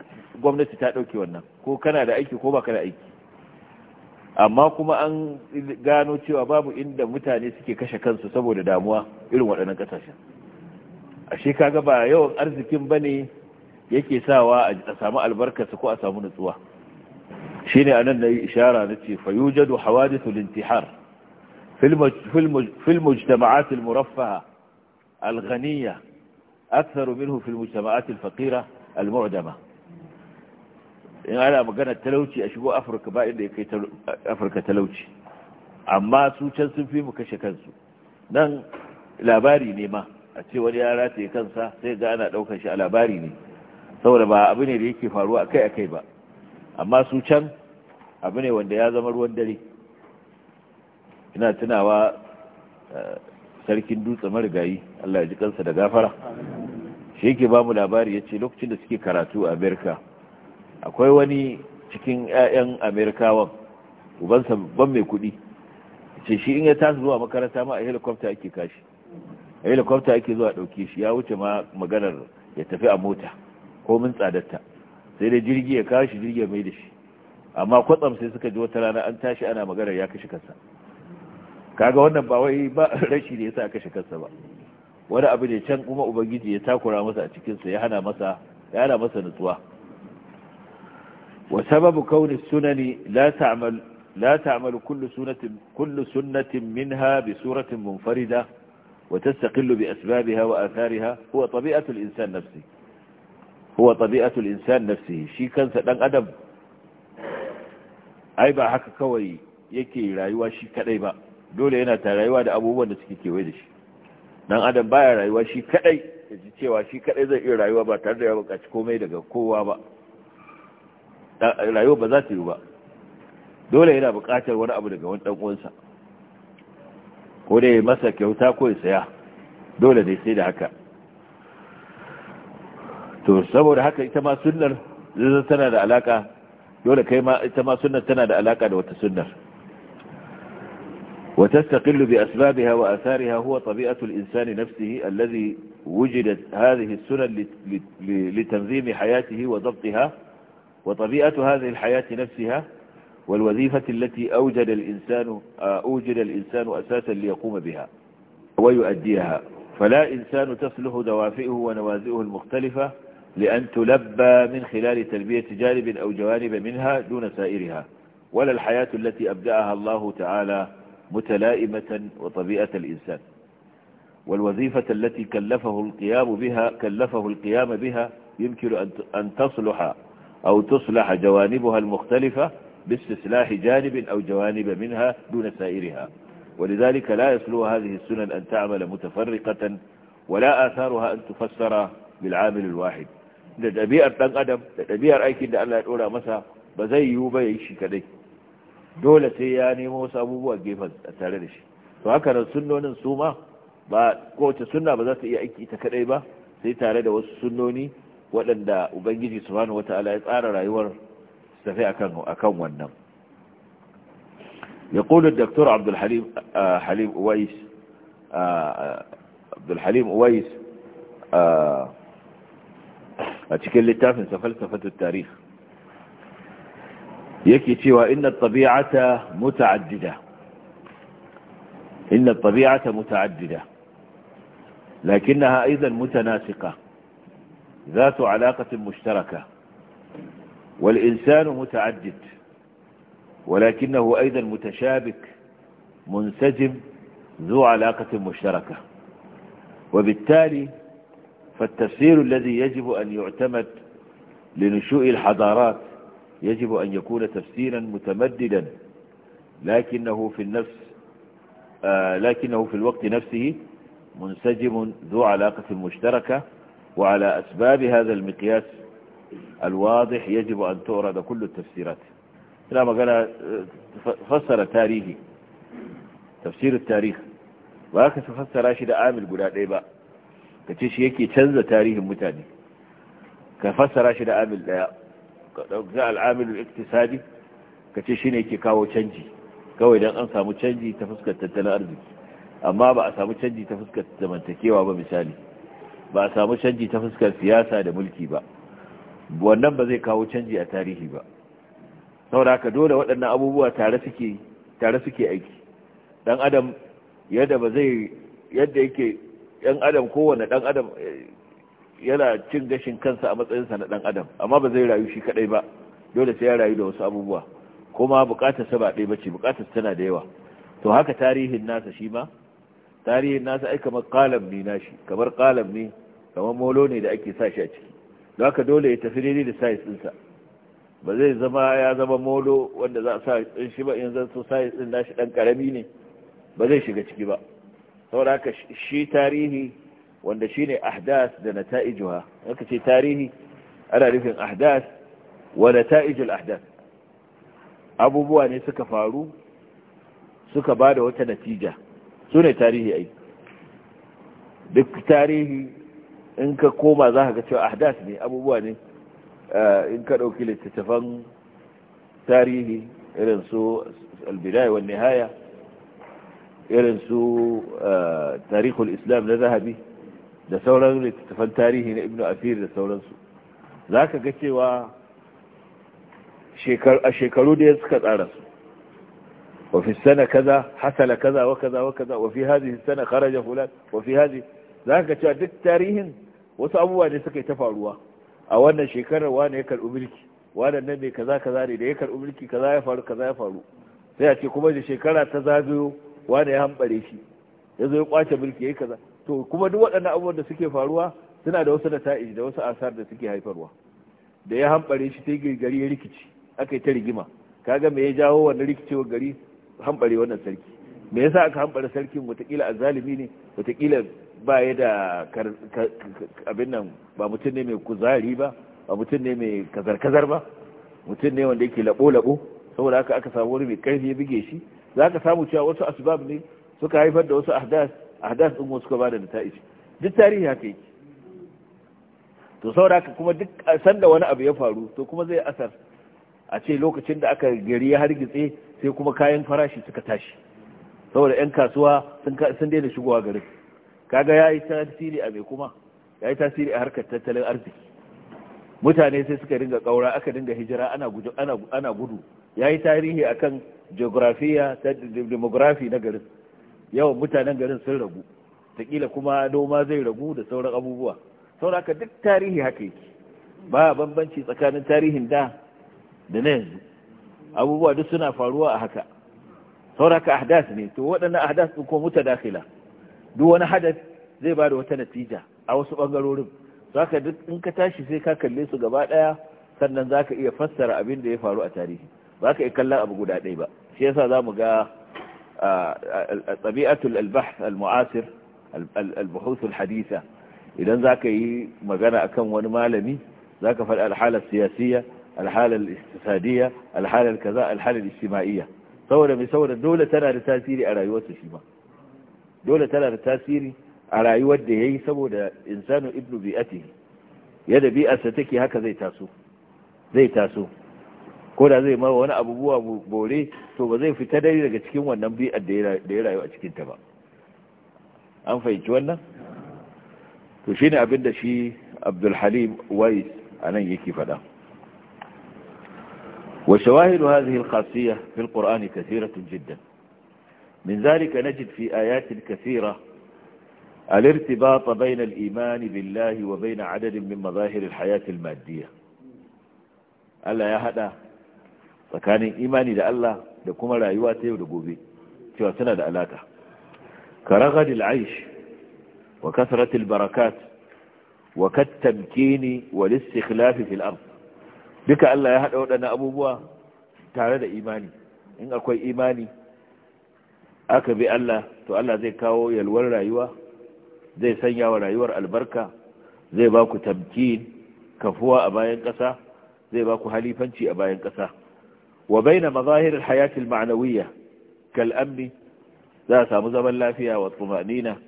gwamnati ta ɗauke wannan ko kana da aiki ko ba ka da aiki amma kuma an gano cewa babu inda mutane suke kashe kansu saboda damuwa irin waɗannan ƙasashen ashe kaga ba yawan arzikin bane yake sawa a samu albarkarsa ko a samu nutsuwa shine anan yi ishara nace fayujadu hawadithu al-intihar fi al-mujtama'at al-muraffaha al-ghaniya aktharu minhu fi al-mujtama'at al-faqira al-mu'dama in ana magana talauci a shigo afirka ba inda ya kai afirka talauci amma su can sun fi mu kashe kansu nan labari ne ma a ce wani ya ya kansa sai ga ana ɗaukar shi a labari ne saboda ba abu ne da yake faruwa akai akai ba amma su can abu ne wanda ya zama ruwan dare ina tunawa eh, sarkin dutse marigayi Allah ya ji kansa da gafara shi yake ba mu labari ya ce lokacin da suke karatu a amerika akwai wani cikin 'ya'yan amerikawan ubansa ban mai kudi ce shi in ya tasu zuwa makaranta ma a helikwafta ake kashi a helikwafta ake zuwa ɗauke shi ya wuce ma maganar ya tafi a mota ko min tsadarta sai dai jirgi ya kawo shi jirgi ya mai da shi amma kwatsam sai suka ji wata rana an tashi ana maganar ya kashe kansa kaga wannan ba wai ba <laughs> rashi da yasa ya kashe kansa ba wani abu ne can kuma ubangiji ya takura masa a cikinsa ya hana masa ya hana masa nutsuwa وسبب كون السنن لا تعمل لا تعمل كل سنة, كل سنة منها بصورة منفردة وتستقل بأسبابها وآثارها هو طبيعة الإنسان نفسه هو طبيعة الإنسان نفسه شي كان سدان أدم أي با حكا كوي يكي رايوا شي كدي با دولة هنا ترايوا دا أبوبا نسكي كيوي دش دان أدم با رايوا شي كدي يجي cewa شي kadai zai iya rayuwa ba tare da ya buƙaci komai rayuwa ba za ta yi ba dole yana buƙatar wani abu daga wani ɗan'uwansa ko da ya masa kyauta ko ya saya dole ne sai da haka to saboda haka ita ma sunnar zai tana da alaka dole kai ma ita ma sunnar tana da alaka da wata sunnar وتستقل بأسبابها وأثارها هو طبيعة الإنسان نفسه الذي وجدت هذه السنن لتنظيم حياته وضبطها وطبيعة هذه الحياة نفسها والوظيفة التي أوجد الإنسان آه، أوجد الإنسان أساسا ليقوم بها ويؤديها فلا إنسان تصلح دوافئه ونوازئه المختلفة لأن تلبى من خلال تلبية جانب أو جوانب منها دون سائرها ولا الحياة التي أبدأها الله تعالى متلائمة وطبيعة الإنسان والوظيفة التي كلفه القيام بها, كلفه القيام بها يمكن أن تصلح أو تصلح جوانبها المختلفة باستصلاح جانب أو جوانب منها دون سائرها ولذلك لا يسلو هذه السنن أن تعمل متفرقة ولا آثارها أن تفسر بالعامل الواحد da ɗabi'ar ɗan adam da ɗabi'ar aikin da Allah ya ɗora masa ba zai yiwu ba ya yi shi kadai dole sai ya nemo wasu abubuwa gefen tare da shi to haka nan sunnonin su ma ba kowace sunna ba za ta iya aiki ita kadai ba sai tare da wasu sunnoni waɗanda ubangiji subhanahu wata'ala ya tsara rayuwar safi akan akan يقول الدكتور عبد الحليم حليم اويس عبد الحليم اويس اتكلم للتاف فلسفه التاريخ يكي تيوا ان الطبيعه متعدده ان الطبيعه متعدده لكنها ايضا متناسقه ذات علاقة مشتركة والإنسان متعدد ولكنه أيضا متشابك منسجم ذو علاقة مشتركة وبالتالي فالتفسير الذي يجب أن يعتمد لنشوء الحضارات يجب أن يكون تفسيرا متمددا لكنه في النفس آه، لكنه في الوقت نفسه منسجم ذو علاقة مشتركة وعلى أسباب هذا المقياس الواضح يجب أن تؤرد كل التفسيرات لما قال فسر تاريخي تفسير التاريخ وهكذا فسر راشد عامل قلاء ليبا كتش يكي تنزى تاريخ متاني كفسر راشد عامل جاء العامل الاقتصادي كتش يكي كاو تنجي كاو إذا أنسى متنجي تفسك التنتنى أرضي أما بأسى متنجي تفسك التمنتكي وابا مثالي ba a samu canji ta fuskar siyasa da mulki ba wannan ba zai kawo canji a tarihi ba saboda haka dole waɗannan abubuwa tare suke aiki ɗan adam yadda ba zai yadda yake dan adam kowane ɗan adam eh, yana cin gashin kansa a matsayinsa na ɗan adam amma ba zai rayu shi kaɗai ba dole sai ya rayu da wasu abubuwa kuma bukatarsa ba ɗaya ce bukatarsa tana da yawa to haka tarihin nasa shi ma tarihin nasa ai kamar kalam ne nashi kamar kalam ne kamar molo ne da ake sashi a ciki don haka dole ya tafi daidai da size ɗinsa ba zai zama ya zama molo wanda za a sa in shi ba in zan so size din nashi dan karami ne ba zai shiga ciki ba saboda haka shi tarihi wanda shi ne ahdas da nata'ijuha haka ce tarihi ana nufin ahdas wa nata'ijul ahdas abubuwa ne suka faru suka bada wata natija su ne tarihi ai duk tarihi in ka koma za ka ga cewa ahdas ne abubuwa ne eh, in ka ɗauki littattafan tarihi irin su albidaya wa nihaya irin su eh, tarihul islam na zahabi da sauran littattafan tarihi na ibnu asir da sauransu za ka ga cewa a shekaru da suka tsara su وفي السنة كذا حصل كذا وكذا وكذا وفي هذه السنة خرج فلان وفي هذه ذاك cewa duk tarihin wasu abubuwa ne suka yi ta faruwa a wannan shekarar wane ya karɓi mulki wannan nan ne kaza kaza ne da ya karɓi mulki kaza ya faru kaza ya faru sai a ce kuma da shekara ta zagayo wane ya hambare shi ya zo ya kwace mulki ya yi kaza to kuma duk waɗannan abubuwan da suke faruwa suna da wasu nata'ij da wasu asar da suke haifarwa da ya hambare shi sai gari ya rikici aka yi ta rigima kaga me ya jawo wannan rikicewar gari hambare wannan sarki me yasa aka hambare sarkin watakila azalimi ne watakila ba ya da abin nan ba mutum ne mai kuzari ba ba mutum ne mai kazar-kazar ba mutum ne wanda yake labo-labo saboda haka aka samu wani mai karfi ya buge shi za ka samu cewa wasu asbab ne suka haifar da wasu ahdas ahdas din wasu ka bada nata'iji duk tarihi haka yake to saboda haka kuma duk sanda wani abu ya faru to kuma zai asar a ce lokacin da aka gari ya hargitse sai kuma kayan farashi suka tashi saboda 'yan kasuwa sun daina shigowa garin kaga ya yi tasiri a mai kuma ya yi tasiri a harkar tattalin arziki mutane sai suka dinga kaura aka dinga hijira ana gudu ya yi tarihi akan geografiya ta demografi na garin yawan mutanen garin sun ragu taƙila kuma noma zai ragu da sauran abubuwa sauraka duk tarihi haka yake ba bambanci tsakanin tarihin da da na yanzu abubuwa duk suna faruwa a haka sauraka ahdas ne to waɗannan ahdas ɗin ko muta dakila duk wani hadas zai ba da wata natija a wasu ɓangarorin saka duk in ka tashi sai ka kalle su gaba ɗaya sannan za ka iya fassara abin da ya faru a tarihi ba ka iya kallon abu guda ɗaya ba shi yasa za mu ga tsabi'atul albahth al hadisa haditha idan za ka yi magana akan wani malami za ka faɗi alhalar siyasiyya alhalar istisadiyya alhalar kaza alhalar ijtima'iyya saboda mai saboda dole tana da tasiri a rayuwarsa shi ma dole tana da tasiri a rayuwar da yayi saboda insanu ibnu bi'atihi yadda bi'arsa take haka zai taso zai taso ko da zai mara wani abubuwa bore to ba zai fita dai daga cikin wannan bi'ar da ya rayu a cikinta ba an fahimci wannan to shine abin da shi abdulhalim wais a nan yake faɗa وشواهد هذه الخاصية في القرآن كثيرة جدا من ذلك نجد في آيات كثيرة الارتباط بين الإيمان بالله وبين عدد من مظاهر الحياة المادية ألا يا هذا فكان إيماني لألّا لكم لا يواتي ولقوبي كواتنا لألاك كرغد العيش وكثرة البركات وكالتمكين والاستخلاف في الأرض duka Allah ya haɗa waɗannan abubuwa tare da imani in akwai imani aka bi Allah to Allah zai kawo yalwar rayuwa zai sanya wa rayuwar albarka zai ba ku tamkin kafuwa a bayan ƙasa zai ba ku halifanci a bayan ƙasa wa baina mazahirin hayatul ma'anawiyya kal amni za a samu zaman lafiya wa tsumanina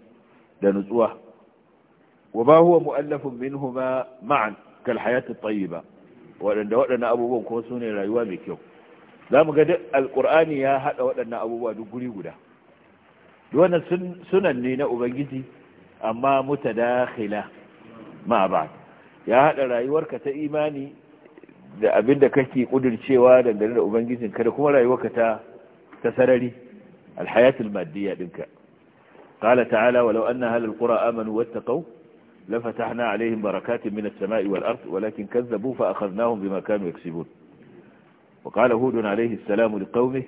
da nutsuwa wa ba huwa mu'allafun minhuma ma'an kal hayatul tayyiba waɗanda waɗannan abubuwan kuma su ne rayuwa mai kyau za mu ga duk alƙur'ani ya haɗa waɗannan abubuwa duk guri guda duk wannan sunan ne na ubangiji amma mutadakhila ma ba ya haɗa rayuwarka ta imani da abin da kake kudircewa dangane da ubangijin kada kuma rayuwarka ta ta sarari alhayatul maddiya dinka qala ta'ala walau na halar qura amanu kau. لفتحنا عليهم بركات من السماء والأرض ولكن كذبوا فأخذناهم بما كانوا يكسبون وقال هود عليه السلام لقومه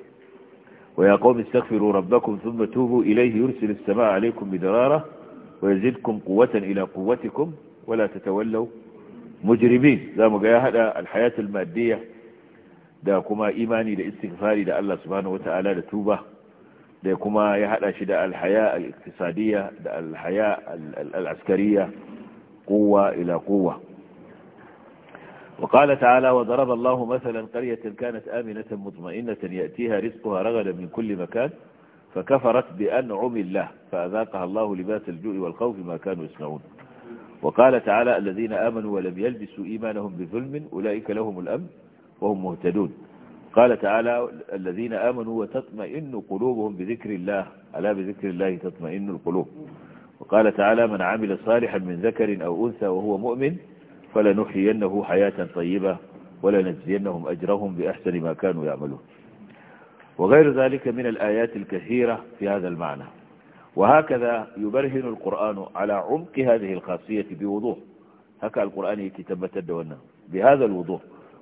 ويا قوم استغفروا ربكم ثم توبوا إليه يرسل السماء عليكم بدرارة ويزدكم قوة إلى قوتكم ولا تتولوا مجرمين ذا مجاهد هذا الحياة المادية دا كما إيماني لإستغفاري لألا سبحانه وتعالى لتوبة da kuma ya hada shi da alhaya al-iqtisadiyya da alhaya al-askariyya quwwa ila quwwa وقال تعالى وضرب الله مثلا قرية كانت آمنة مطمئنة يأتيها رزقها رغدا من كل مكان فكفرت بأنعم الله فأذاقها الله لباس الجوع والخوف ما كانوا يصنعون وقال تعالى الذين آمنوا ولم يلبسوا إيمانهم بظلم أولئك لهم الأمن وهم مهتدون قال تعالى الذين آمنوا وتطمئن قلوبهم بذكر الله ألا بذكر الله تطمئن القلوب وقال تعالى من عمل صالحا من ذكر أو أنثى وهو مؤمن فلنحيينه حياة طيبة ولنجزينهم أجرهم بأحسن ما كانوا يعملون وغير ذلك من الآيات الكثيرة في هذا المعنى وهكذا يبرهن القرآن على عمق هذه الخاصية بوضوح هكذا القرآن يكتبت الدونة بهذا الوضوح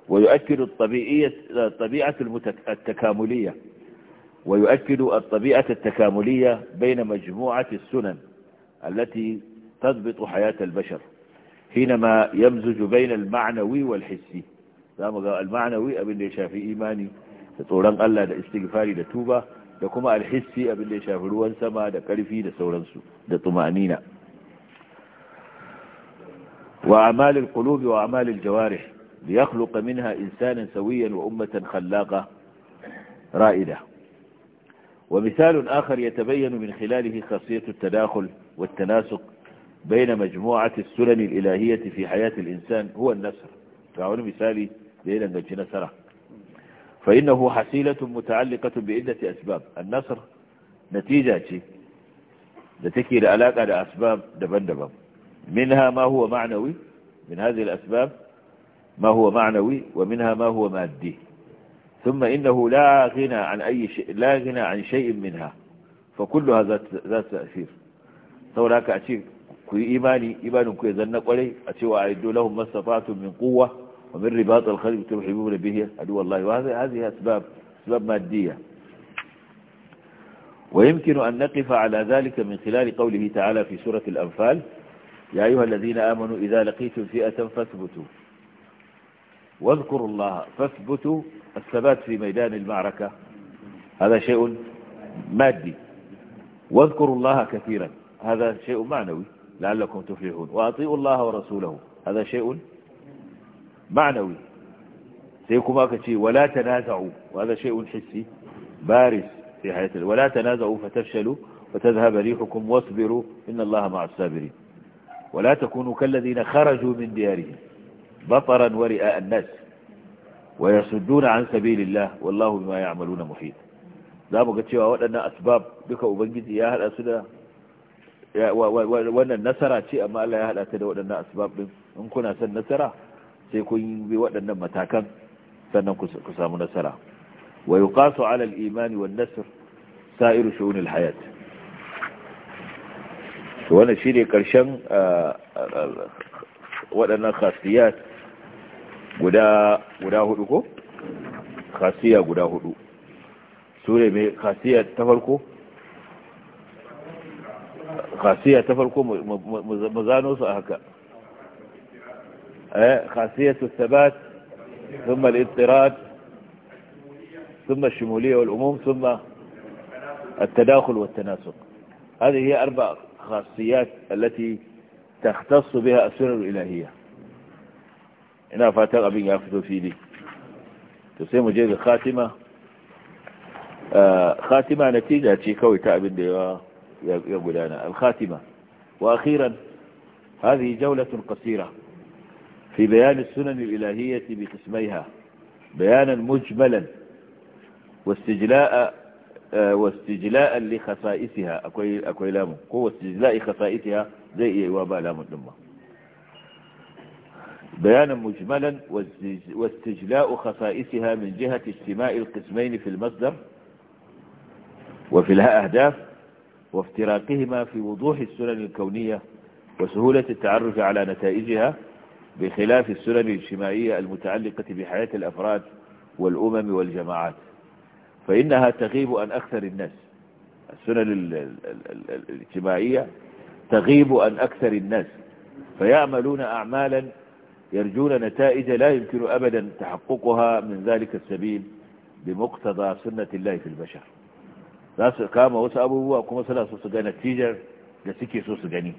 ويؤكد الطبيعية الطبيعة التكاملية ويؤكد الطبيعة التكاملية بين مجموعة السنن التي تضبط حياة البشر حينما يمزج بين المعنوي والحسي المعنوي أبن ليشا إيماني تطوران الله دا استغفاري دا توبة دا كما الحسي أبن ليشا في روان سما دا كرفي دا دا طمأنينة وأعمال القلوب وأعمال الجوارح ليخلق منها إنسانا سويا وأمة خلاقة رائدة ومثال آخر يتبين من خلاله خاصية التداخل والتناسق بين مجموعة السنن الإلهية في حياة الإنسان هو النسر فعلى مثالي ليلة نجي فإنه حسيلة متعلقة بعدة أسباب النصر نتيجة لتكي لألاقة لأسباب دبن دبن منها ما هو معنوي من هذه الأسباب ما هو معنوي ومنها ما هو مادي ثم إنه لا غنى عن أي شيء لا غنى عن شيء منها فكلها ذات ذات تأثير saboda haka a إيماني ku yi imani imanin ku ya لهم kwarai من قوة ومن رباط الخلق mastafatun به أدو wa وهذه هذه أسباب أسباب مادية ويمكن أن نقف على ذلك من خلال قوله تعالى في سورة الأنفال يا أيها الذين آمنوا إذا لقيتم فئة فاثبتوا واذكروا الله فاثبتوا الثبات في ميدان المعركة هذا شيء مادي واذكروا الله كثيرا هذا شيء معنوي لعلكم تفلحون وأطيعوا الله ورسوله هذا شيء معنوي سيكون أكتشي ولا تنازعوا وهذا شيء حسي بارز في حياة ولا تنازعوا فتفشلوا وتذهب ريحكم واصبروا إن الله مع الصابرين ولا تكونوا كالذين خرجوا من ديارهم بطرا ورئاء الناس ويصدون عن سبيل الله والله بما يعملون محيط za ga cewa wadannan asbab duka ubangiji ya hada su da wannan nasara ce amma Allah ya hada ta da wadannan asbab ɗin in kuna son nasara sai kun bi waɗannan matakan sannan ku samu nasara wa yuqasu ala al-iman wan nasr sa'ir shu'un al-hayat wannan shine karshen wadannan khasiyat guda guda hudu ko khasiya guda hudu sure mai khasiya ta farko khasiya ta farko mu zano su haka eh khasiyatu thabat ثم الاضطراد ثم الشمولية والأموم ثم التداخل والتناسق هذه هي أربع خاصيات التي تختص بها السنن الإلهية ina fatan abin ya fito fili to sai mu je ga khatima khatima natija ce kawai ta abin da ya gudana al-khatima wa akhiran hadhihi jawlatu qasira fi bayan في al السنن الإلهية بقسميها بيانا مجملا واستجلاء واستجلاء لخصائصها أكوي لامو هو استجلاء خصائصها زي إيوابا لامو الدمه بيانا مجملا واستجلاء خصائصها من جهة اجتماع القسمين في المصدر وفي لها أهداف وافتراقهما في وضوح السنن الكونية وسهولة التعرف على نتائجها بخلاف السنن الاجتماعية المتعلقة بحياة الأفراد والأمم والجماعات فإنها تغيب عن أكثر الناس السنن الاجتماعية تغيب عن أكثر الناس فيعملون أعمالا يرجون نتائج لا يمكن أبدا تحققها من ذلك السبيل بمقتضى سنة الله في البشر za su kama wasu abubuwa kuma suna so su ga da suke so su gani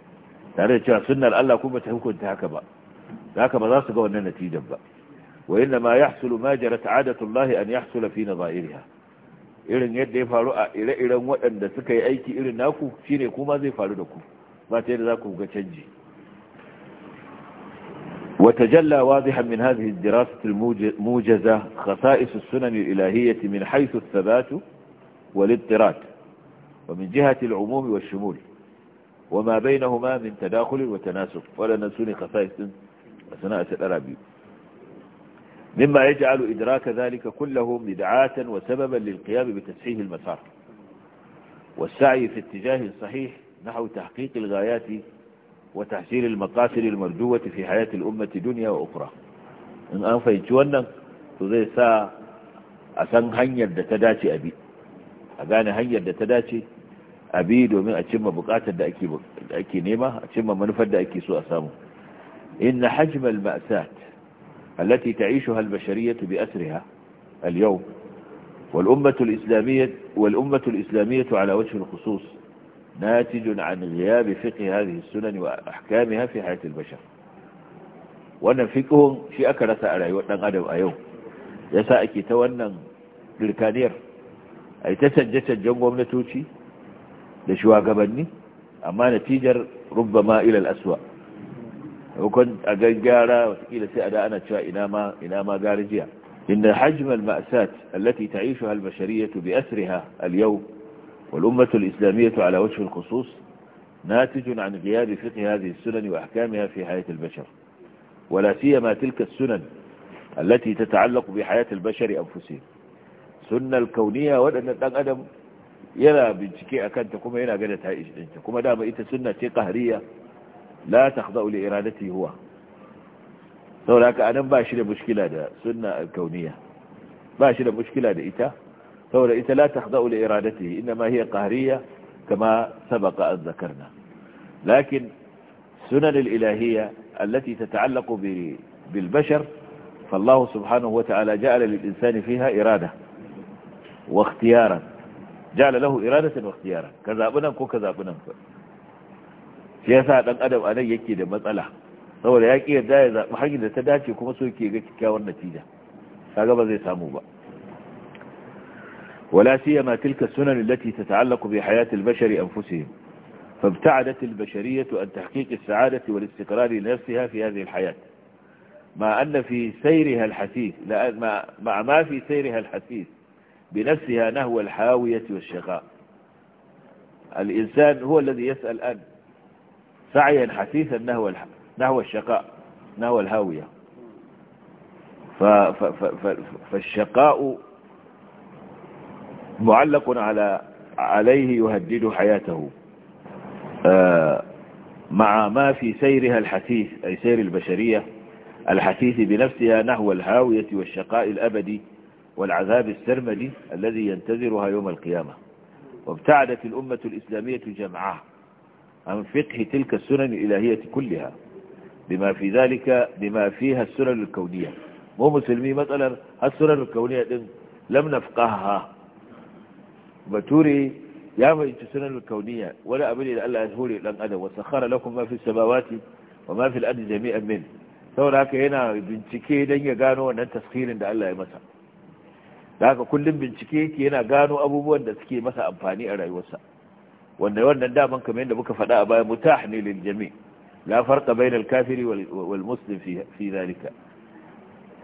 tare da cewa sunnar Allah kuma ta hukunta haka ba haka ba za su ga wannan natijar ba wa inna ma yahsulu ma jarat adatullahi an yahsula fi nadairiha irin yadda ya faru a ire-iren waɗanda suka yi aiki irin naku shine kuma zai faru da ku ba ta yadda za ku buga canji وتجلى واضحا من هذه الدراسة الموجزة خصائص السنن الإلهية من حيث الثبات والاضطراد ومن جهة العموم والشمول وما بينهما من تداخل وتناسب ولا ننسون خصائص أثناء الأرابي مما يجعل إدراك ذلك كله مدعاة وسببا للقيام بتسحيه المسار والسعي في اتجاه صحيح نحو تحقيق الغايات وتحصيل المقاصد المرجوة في حياة الأمة دنيا وأخرى إن أنفيت ونن تزي سا أسان هنيا دتداتي أبي أغاني هنيا دتداتي أبي دومين أتشم بقاتا دأكي نيمة أتشم منفد دأكي سوء سامو إن حجم المأساة التي تعيشها البشرية بأسرها اليوم والأمة الإسلامية, والأمة الإسلامية على وجه الخصوص ناتج عن غياب فقه هذه السنن وأحكامها في حياة البشر وانا فقههم شيء أكرا سأل عيوان ايوه نعم، يا يسائكي تونن للكانير أي تسجد جسد من نتوشي لشوا قبلني أما نتيجر ربما إلى الاسوء. وكن أقل جارة وتقيل سأل أنا شاء إناما, إناما جارجيا إن حجم المأساة التي تعيشها البشرية بأسرها اليوم والأمة الإسلامية على وجه الخصوص ناتج عن غياب فقه هذه السنن وأحكامها في حياة البشر ولا سيما تلك السنن التي تتعلق بحياة البشر أنفسهم سنة الكونية وأن الدم أدم يلا بنتكي أكنت كما هنا قدت هاي كما دام إنت سنة قهرية لا تخضع لإرادته هو saboda أنا anan مشكلة shi da الكونية da مشكلة kauniya ba فأولئك لا تخضأ لإرادته إنما هي قهرية كما سبق أن ذكرنا لكن سنن الإلهية التي تتعلق بالبشر فالله سبحانه وتعالى جعل للإنسان فيها إرادة واختيارا جعل له إرادة واختيارا كذابنا كو كذابنا في أساعد أن أدب أن يكيد مسألة فأولئك يدعي ذا محاجد تداتي كما سوكي يجيك كاور نتيجة فأقبل زي ساموبا ولا سيما تلك السنن التي تتعلق بحياة البشر أنفسهم فابتعدت البشرية عن تحقيق السعادة والاستقرار لنفسها في هذه الحياة مع أن في سيرها الحثيث مع ما في سيرها الحثيث بنفسها نهو الحاوية والشقاء الإنسان هو الذي يسأل أن سعيا حثيثا نهو نهو الشقاء نهو الهاوية فالشقاء معلق على عليه يهدد حياته آه، مع ما في سيرها الحثيث أي سير البشرية الحثيث بنفسها نحو الهاوية والشقاء الأبدي والعذاب السرمدي الذي ينتظرها يوم القيامة وابتعدت الأمة الإسلامية جمعاء عن فقه تلك السنن الإلهية كلها بما في ذلك بما فيها السنن الكونية مو مسلمين مثلا السنن الكونية لم نفقهها bature ya fahimci sunan kauniya wani abu ne da Allah ya hore dan adam wa sakhara lakum ma fi samawati wa ma fi ardi jami'an min saboda haka yana bincike dan ya gano wannan tafsirin da Allah ya masa da haka kullum bincike yake yana gano abubuwan da suke masa amfani a rayuwarsa wanda wannan daman kamar yadda muka faɗa a baya mutah ne lil jami' la farqa bayna al-kafiri wal muslim fi fi zalika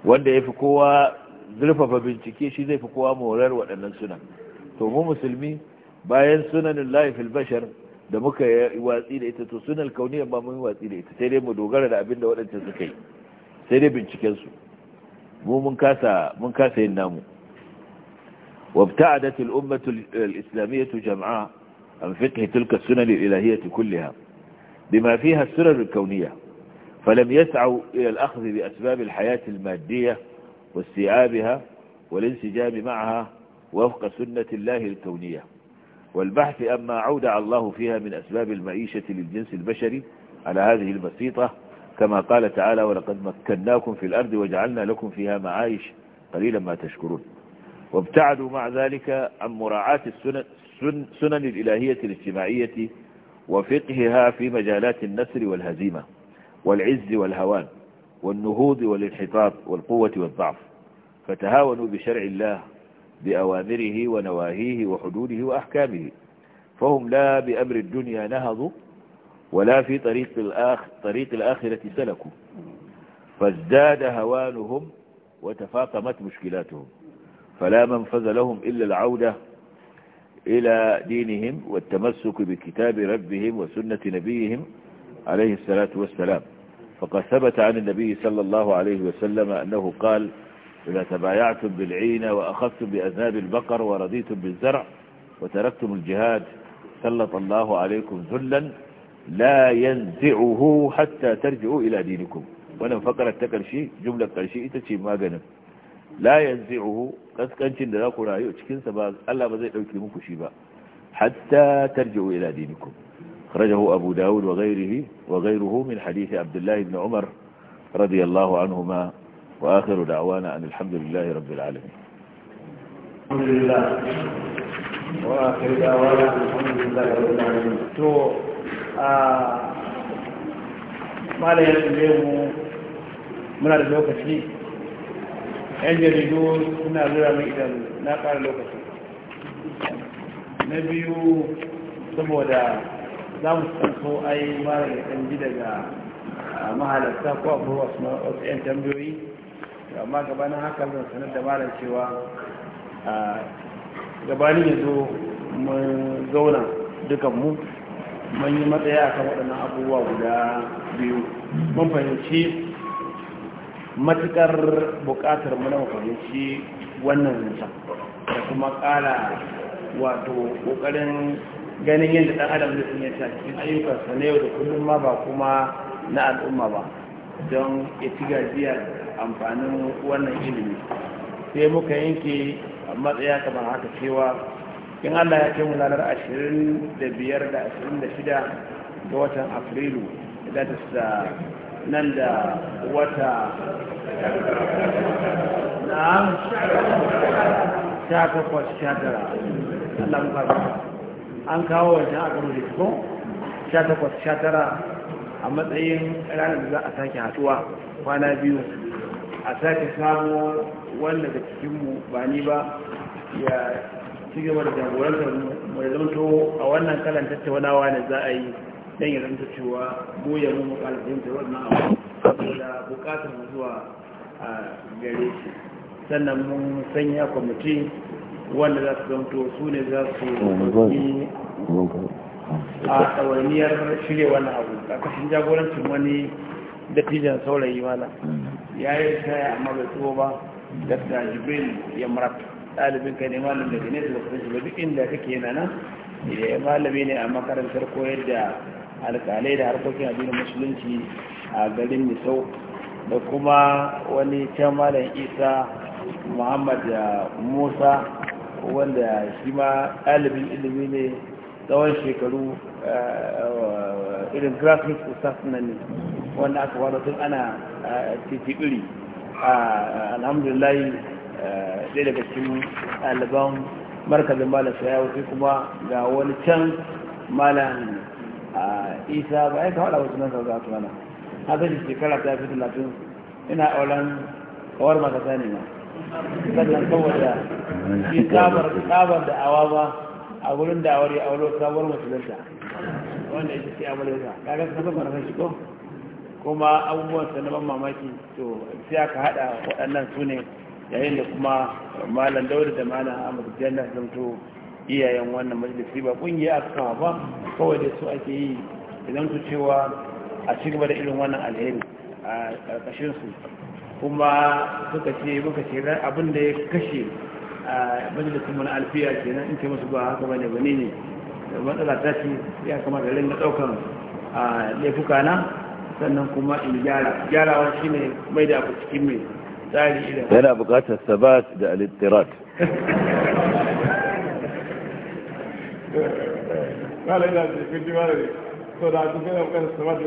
wanda yafi kowa zurfafa bincike shi zai fi kowa morar waɗannan sunan to mu musulmi bayan sunanin lahi fil bashar da muka yi watsi da ita to sunan kauniya ba mun watsi da ita sai dai mu dogara da abin da waɗancan suka yi sai dai binciken su mu mun kasa mun kasa yin namu وابتعدت الأمة الإسلامية جمعاء عن فقه تلك السنن الإلهية كلها بما فيها السنن الكونية فلم يسعوا إلى الأخذ بأسباب الحياة المادية واستيعابها والانسجام معها وفق سنة الله الكونية والبحث أما عودع الله فيها من أسباب المعيشة للجنس البشري على هذه البسيطة كما قال تعالى ولقد مكناكم في الأرض وجعلنا لكم فيها معايش قليلا ما تشكرون وابتعدوا مع ذلك عن مراعاة السنن الإلهية الاجتماعية وفقهها في مجالات النسر والهزيمة والعز والهوان والنهوض والانحطاط والقوة والضعف فتهاونوا بشرع الله بأوامره ونواهيه وحدوده وأحكامه فهم لا بأمر الدنيا نهضوا ولا في طريق, الآخ طريق الآخرة سلكوا فازداد هوانهم وتفاقمت مشكلاتهم فلا منفذ لهم إلا العودة إلى دينهم والتمسك بكتاب ربهم وسنة نبيهم عليه الصلاة والسلام فقد ثبت عن النبي صلى الله عليه وسلم أنه قال إذا تبايعتم بالعين وأخذتم بأذناب البقر ورديتم بالزرع وتركتم الجهاد سلط الله عليكم ذلا لا ينزعه حتى ترجعوا إلى دينكم وانا فقرة تكر شيء جملة قال شيء تشي ما قنب لا ينزعه قد كانت عند ذاك رأيه تشكين سباق ألا بزيد أكلمك شيبا حتى ترجعوا إلى دينكم خرجه أبو داود وغيره وغيره من حديث عبد الله بن عمر رضي الله عنهما وآخر دعوانا أن الحمد لله رب العالمين الحمد لله وآخر دعوانا الحمد لله رب العالمين تو آه، ما لا يجب منار من أن يجدون من أرزل مئتم ناقار لوكسي سمودا لم تنسوا أي مارك أنجدك مهلا التقوى فهو اسمه أسئين تنبيوي amma gabanin haka zan sanar da malam cewa gabanin ya zo mun zauna dukanmu mun yi matsaya kan waɗannan abubuwa guda biyu mun fahimci matuƙar buƙatar muna fahimci wannan zancen da kuma ƙara wato ƙoƙarin ganin yadda ɗan adam zai sun ta cikin ayyukansa na yau da kullum ma ba kuma na al'umma ba don ya ci gajiya amfanin wannan ilimi sai muka yanke matsaya kamar haka cewa in allah ya ce mu ranar ashirin da biyar da ashirin da shida ga watan afrilu da ta uh, nan da wata na sha takwas allah mu karfa an kawo wajen a rufe ko sha takwas sha a matsayin ranar da za a sake haɗuwa kwana biyu a sake samu wanda da cikinmu ba ni ba ya ci gaba da jagorantar mu da zama to a wannan kalan tattaunawa ne za a yi don yi zanta cewa goya mu mukalafin da wannan abu da bukatar zuwa a gare shi sannan mun sanya kwamiti wanda za su to su ne za su yi a tsawaniyar shirya wannan abu a kashin jagorancin wani da fijin saurayi mana mm. ya yi saya amma bai tsoho ba da tajibin ya marat ɗalibin ka ne malam da da kusa ba duk inda kake yana nan idan eh, ya malami ne a makarantar koyar da alƙalai da harkokin addinin musulunci a garin misau da kuma wani can malam isa muhammad da eh, musa wanda shi ma ɗalibin ilimi ne tsawon shekaru eh, irin graphic ustaz nan ne wanda aka wada tun ana titiɓiri alhamdulillah ɗaya daga cikin ɗaliban markazin malam sayawa sai kuma ga wani can malam isa ba ya kawada wasu nan sauka su mana haka shi shekara ta fi talatin ina auren kawar matasa ne ma sannan saboda shi kabar da awa ba a wurin da aure aure sabuwar musulunta wanda ya ce kaga sabon shi ko kuma abubuwan sa na ban mamaki to sai aka hada waɗannan su ne yayin da kuma malam daura da malam amadu janna sun to iyayen wannan majalisi ba kungiya aka kawo ba kawai da su ake yi idan su cewa a ci gaba da irin wannan alheri a ƙarƙashin su kuma suka ce muka ce abin da ya kashe a majalisun mana alfiya kenan in ce musu ba haka bane bane ne matsala ta ce ya kamata ringa ɗaukan a laifuka na sannan kuma in gyara gyarawa shi ne mai da cikin mai tsari idan yana buƙatar sabat da alittirat wala ina da kun ji wala ne so da duk yana buƙatar sabat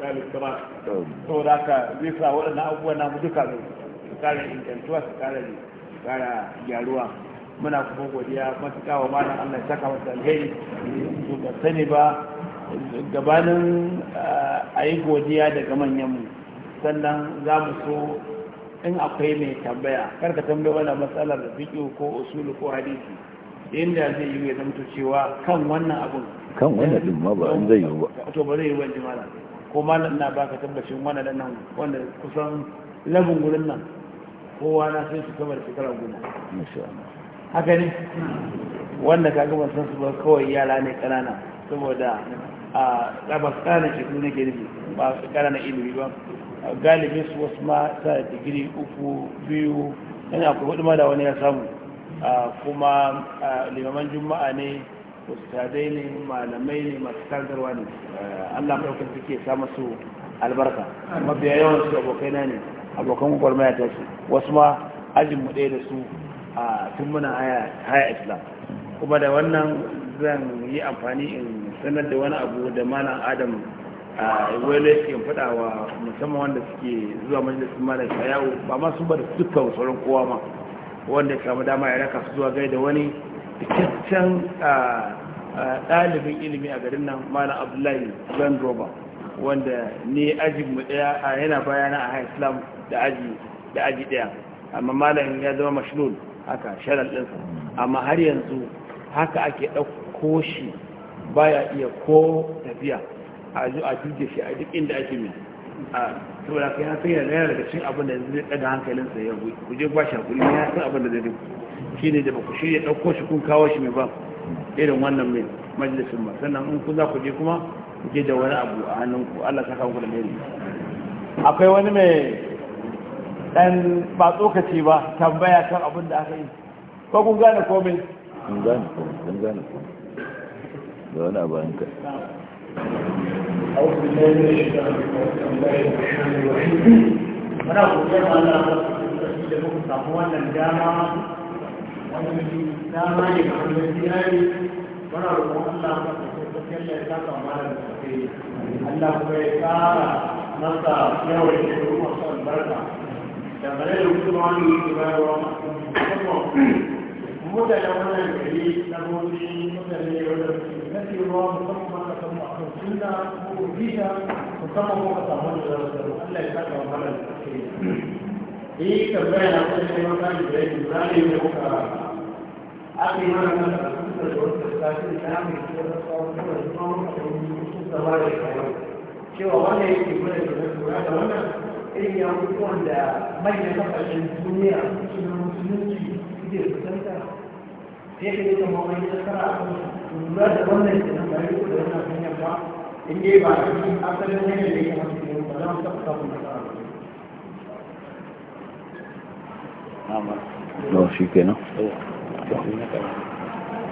da alittirat so da ka bisa waɗannan abubuwan namu duka ne su kara ingantuwa su kara gyaruwa muna kuma godiya matuƙa wa malam Allah ya saka masa alheri su ba sani ba gabanin eh, a yi godiya daga manyanmu sannan za mu so in akwai mai tambaya karka tambaya wani matsalar da fiƙi ko usulu ko hadisi inda zai yi ya zamto cewa kan wannan abun kan wannan din ma ba an zai yi ba to ba zai yi wani malam ko malam na baka tabbacin wannan nan wanda kusan labin gurin nan kowa na sai su kamar shekara guda haka ne wanda kaga ban san su kawai yara ne kanana saboda a tsaba kana shekaru na girbi ba su kanana ilimi ba galibi su wasu ma sa da digiri uku biyu yana akwai hudu ma da wani ya samu kuma limaman juma'a ne ustadai ne malamai ne masu kantarwa ne allah ɗaukar ke sa masu albarka mafiya yawan su abokaina ne abokan gwagwarmaya ta su wasu ma ajin ɗaya da su a tun muna haya islam kuma da wannan zan yi amfani in sanar da wani abu da malam adam a wele ke fada wa musamman wanda suke zuwa majalisun malam shayawo ba ma su ba da sauran kowa ma wanda samu dama ya raka su zuwa gaida wani cikakken ɗalibin ilimi a garin nan malam abdullahi zan roba wanda ne ajin mu daya yana bayana a islam da aji da aji daya amma malam ya zama mashlul haka sharaɗinsa amma har yanzu haka ake ɗauko shi baya iya ko tafiya a zo a duke shi a duk inda ake mai a saboda kai ya sai yana daga cin abin da zai ɗaga hankalinsa ya ku je ba shi hakuri ya san abin da zai shi ne da ba ku shirya ɗauko shi kun kawo shi mai ba irin wannan mai majalisun ba sannan in ku za ku je kuma ku je da wani abu a hannunku allah saka ku da mai akwai wani mai Ɗan ba tsokaci ba tambaya kan abin da aka yi ko kun gane komai kun gane komai kun gane komai da wani abu ka muna Allah da samu wannan dama wani ne wani muna ta da ta da kuma ya ƙara masa yawan shekaru masu albarka لما لا يكتب عني كبار مدى لو انا الكريم نبوتي مدى اللي يعود نسي الله مصمم كم اخر سنه وفيها مصمم وقتها الله يسعدك وعلى الكريم ايه كبايه عشان زي ما كان البيت الغالي اخي ما انا cewa wannan yake gudanar da wannan irin ya mutu wanda manyan kasashen duniya suna musulunci suke fuskanta sai ka yi kama wani nasara a kan lura da wannan kenan ba yi da wannan hanyar ba in dai ba a yi asalin hanyar da ya kamata su yi ba za mu taɓa samun nasara ba. shi kenan.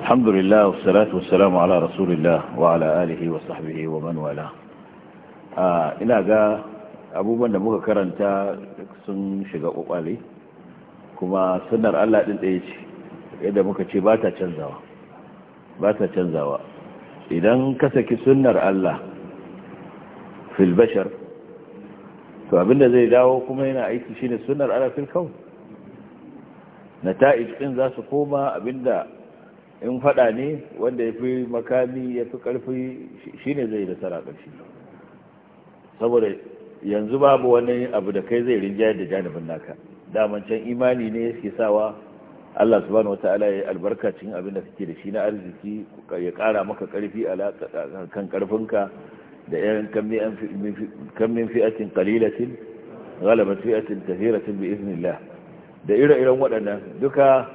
الحمد لله والصلاة والسلام على رسول الله وعلى آله وصحبه ومن والاه ina ga abubuwan da muka karanta sun shiga kwakwale kuma sunar Allah ɗin ɗaya ce yadda muka ce ba ta canzawa ba ta canzawa idan ka saki sunar Allah filbashar, to abinda zai dawo kuma yana aiki shine sunar Allah filkau Na nata'ij za su koma abinda in fada ne wanda ya fi makami ya yafi karfi shine zai da sara karshe saboda yanzu babu wani abu da kai zai rinjayar da janibin naka daman can imani ne yake sawa Allah subhanahu wataala ya albarka cikin abin da kake da shi na arziki ya kara maka karfi a kan karfinka da yan kan min fi'atin qalilatin ghalabat fi'atin kathiratin bi iznillah da ire-iren waɗannan duka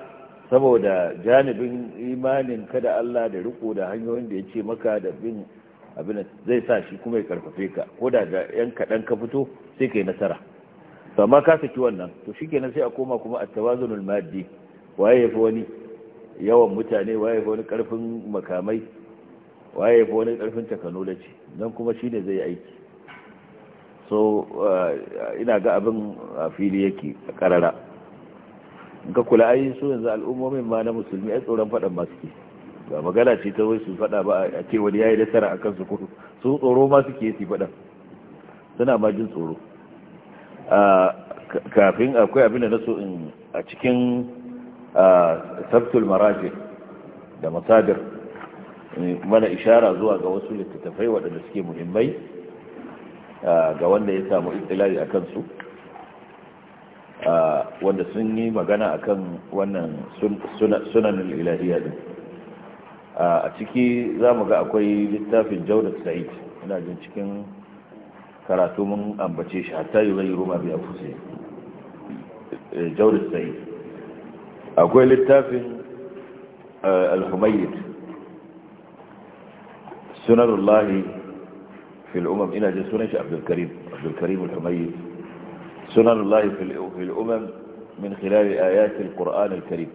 saboda janibin imanin kada Allah da riko da hanyoyin da ya ce maka da bin abin zai sa shi kuma ya karfafe ka ko da da yan kaɗan ka fito sai ka yi nasara to amma ka saki wannan to shi kenan sai a koma kuma a tawazunul maddi waye ya fi wani yawan mutane waye ya fi wani karfin makamai waye ya fi wani karfin technology don kuma shi ne zai aiki so eh, ina ga abin a fili yake a karara in ka kula ayi su yanzu al'ummomin ma na musulmi ai tsoron faɗan masu ke ba magana ce ta wai su faɗa ba a ce wani yayi nasara a kansu kudu su tsoro ma suke su faɗa suna ma jin tsoro kafin akwai abin da na so in a cikin sabtul maraji da masadir mana ishara zuwa ga wasu littattafai waɗanda suke muhimmai ga wanda ya samu ittilali a kansu wanda sun yi magana akan wannan sunanin ilahiyar a ciki za mu ga akwai littafin jaudat sa'id ina jin cikin karatu mun ambace shi hatta yi zai ruma bi a fuse jaudat sa'id akwai littafin e, al-humayyid sunanullahi fil umam ina jin sunan shi abdulkarim abdulkarim al-humayyid sunanullahi fil umam min khilal ayati al-qur'an al-karim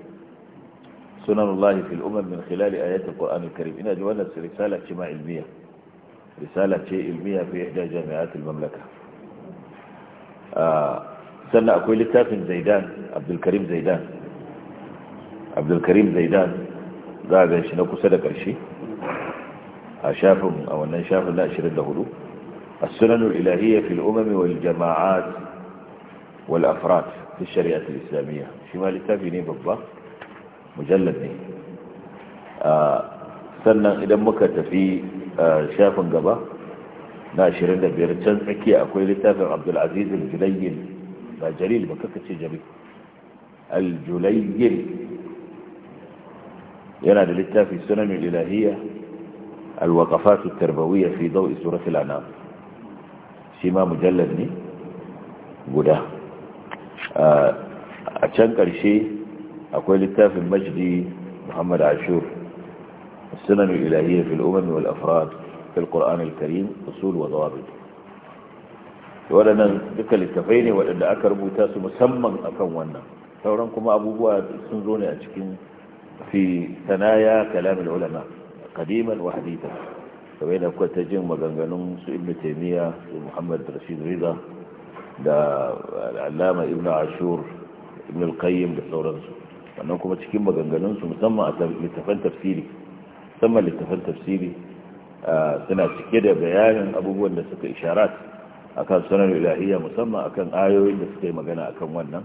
سنن الله في الأمم من خلال آيات القرآن الكريم إن أجوانا رسالة ما علمية رسالة شيء علمية في إحدى جامعات المملكة آه، سنة أكوي لتافن زيدان عبد الكريم زيدان عبد الكريم زيدان ذا قيش نوكو صدق الشيء شافهم أو أن شاف لا أشرد له السنن الإلهية في الأمم والجماعات والأفراد في الشريعة الإسلامية شمال التافنين بالضبط Mujallar ne sannan idan muka tafi shafin gaba na 25 can tsakiya akwai littafin abdulaziz al-julayyin ba jalil ba kaka ce jari. al-julayyin yana da littafi sunan ilahiyya fi التربوية في ضوء Shi ma mujallar ne. Guda. A can karshe. akwai littafin majdi muhammad ashur sunan ilahiyya fil umam wal afrad al karim usul wa dawabit waɗannan duka littafai ne waɗanda aka rubuta su musamman akan wannan sauran kuma abubuwa sun zo ne a cikin fi sanaya kalamin ulama qadiman wa hadita, kamar yadda kuka ta jin maganganun su ibnu taimiyya su muhammad rashid riza da al'allama Ibn ashur Ibn al-qayyim da sauransu wannan kuma cikin maganganunsu musamman a littafan tafsiri musamman littafan tafsiri suna cike da bayanin abubuwan da suka isharat akan sunan ilahiyya musamman akan ayoyin da suka yi magana akan wannan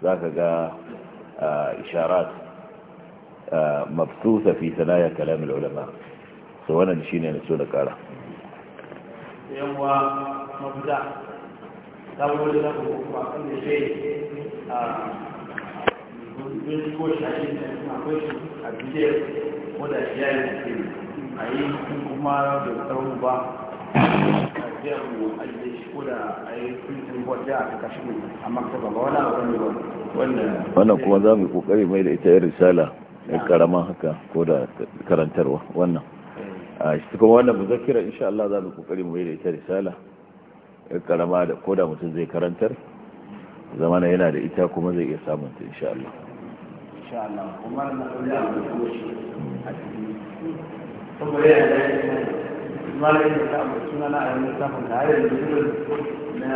za ka ga isharat mabsusa fi sanaya kalamin ulama su wannan shi ne na so da kara yawa mabuda ta wuri da kuma kan da shi shi ya yi a yi da ba a mu ajiye da a yi mu a ba wani abu ne ba wannan kuma za mu kokari mai da ita yin risala ya karama haka ko da karantarwa wannan a shi kuma wannan muzakkira insha Allah za mu kokari mai da ita risala ya karama da ko da mutum zai karantar zamana yana da ita kuma zai iya samunta insha Allah insha Allah kuma na kula da shi a cikin kuma yana da shi ma da ta amma suna na ayyukan safin da har yanzu na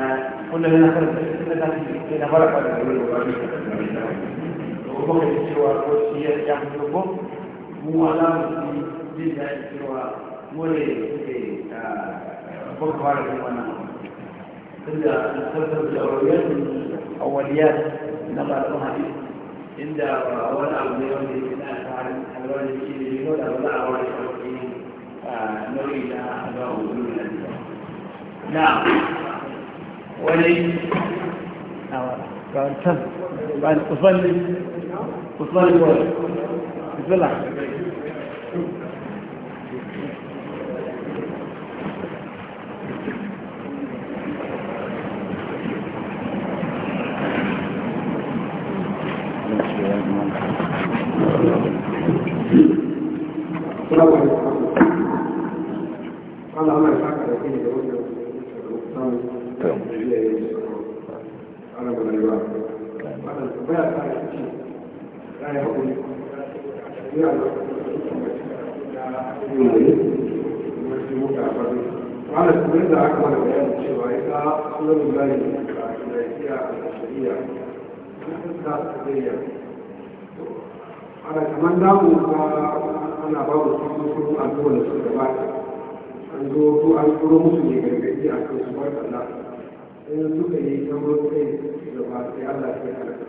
kullum na karanta shi da kan shi na fara fara da wani wani to kuma kai cewa ko shi ya ya fito ko mu wala mu ji da cewa mu ne suke ko ah, fara da wannan tunda tattalin da awaliyat na ba da hadisi inda wani abu ne wanda ya fita ta halwar da shi ne ko da wani abu da shi nau'i na ba hudu na na wani قال تم بعد أصلي أصلي بسم الله ana kuma da aka mana bayanin cewa ita sunan layi a lafiya a shari'a ta tsariya ana kamar damu ba ana ba da sun al'ummar da suka gabata an zo ko an turo musu ne gargaɗi a kan su barka na in suka yi kamar kai da sai Allah ya halaka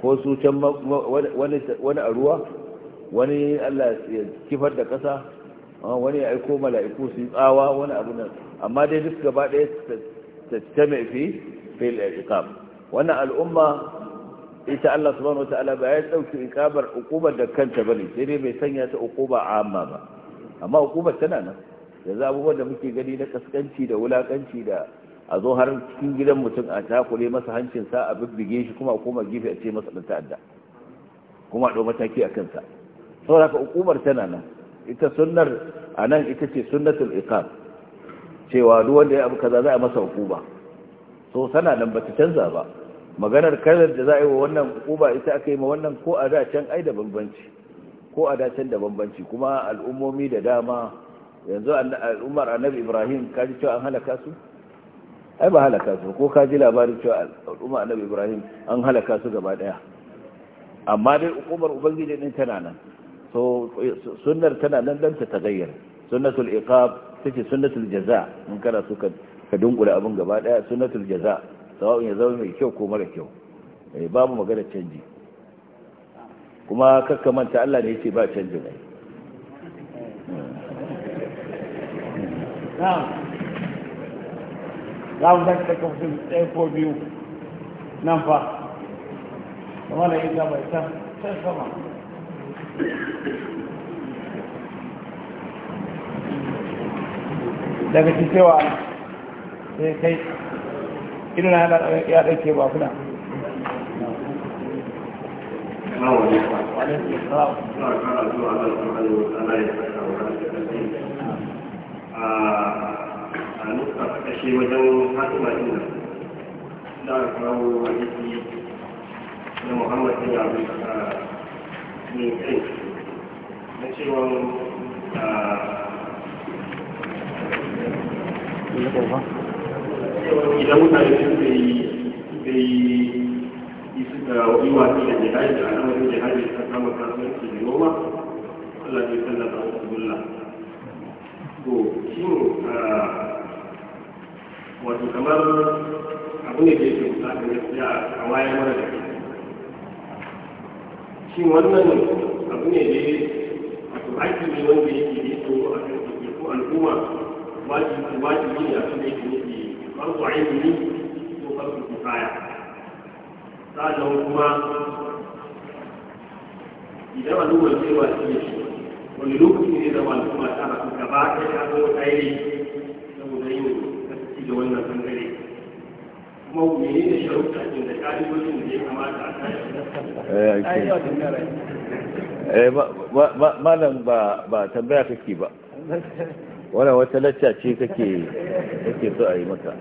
ko su can wani a ruwa wani allah ya kifar da ƙasa ah, wani ya aiko mala'iku su yi tsawa wani abu nan amma dai duk gaba ɗaya ta tame fi fil iqam wannan al'umma ita Allah subhanahu wataala ba ya ɗauki iqabar ukubar da kanta bane sai dai bai sanya ta ukuba amma ba amma ukubar tana nan yanzu abubuwan da muke gani na kaskanci da wulakanci da a zo har cikin gidan mutum a takure masa hancinsa a bibbige shi kuma a koma gefe a ce masa ɗan ta'adda kuma a ɗau mataki a kansa saboda ka hukumar tana nan ita sunnar a nan ita ce sunnatul iqab cewa duk wanda ya abu kaza za a masa hukuma so sana nan ba ta canza ba maganar karar da za a yi wa wannan hukuma ita aka yi ma wannan ko a da can ai da bambanci ko a da can da bambanci kuma al'ummomi da dama yanzu al'ummar annabi ibrahim kaji cewa an halaka su ai ba halaka su ko ka ji labarin cewa al'umma annabi ibrahim an halaka su gaba daya amma dai hukumar ubangiji din tana nan so sunnar tana nan dan ta tagayyar sunnatul iqab take sunnatul jaza mun kana so ka dunkula abin gaba daya sunnatul jaza sawa'un ya zama mai kyau ko mara kyau eh babu magana canji kuma kakka manta Allah ne yake ba canji ne na'am za mu zaki daga mutum ɗaya ko biyu nan fa kuma da ita mai can can sama daga cewa sai kai idan na ya ɗauke ba kuna a a nuka a ƙashe wajen fatima ina da aka kawo wa jiki na muhammad bin abu a ne kai na cewa ah, idan mutane yi wasu da jihari da al'amarin jihari ta kama kasuwanci da noma Allah zai sallata wasu to shi ah, wato kamar abu ne da yake bukatar gaskiya a wayar mara da ke shi wannan abu ne da wato aiki ne wanda yake yi to a kan ko al'umma wajibi wajibi ne a kan yake yake nufi farko ne ko farko kifaya sa'annan kuma idan al'ummar cewa shi wani lokaci ne da al'umma ta haka gaba ɗaya ta zo tsaye da wannan bangare kuma mene ne sharuɗa da ƙa'idojin da ya kamata a eh, eh, malam ba tambaya kake ba wannan wata lacca ce kake kake so a yi maka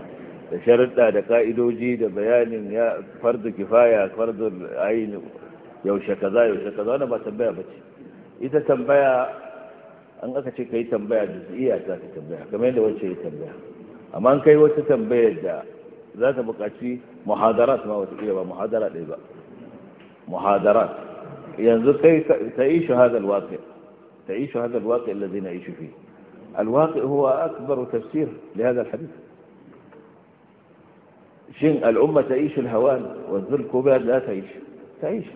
da sharuɗa da ka'idoji da bayanin ya fardu kifaya fardu ayin yaushe kaza yaushe kaza wannan ba tambaya ba ce ita tambaya an aka ce ka yi tambaya da iya ta ka tambaya kamar yadda wacce ya tambaya amma an kai wata tambayar da za ta buƙaci muhadarat ma watakila ba muhadara ɗaya ba muhadarat yanzu kai ta yi shahadar waƙi ta yi shahadar waƙi allazi na yi shufi alwaƙi huwa akbar tafsir li hada alhadith shin al'umma ta yi shi alhawan wa zulkubar da ta yi shi ta yi shi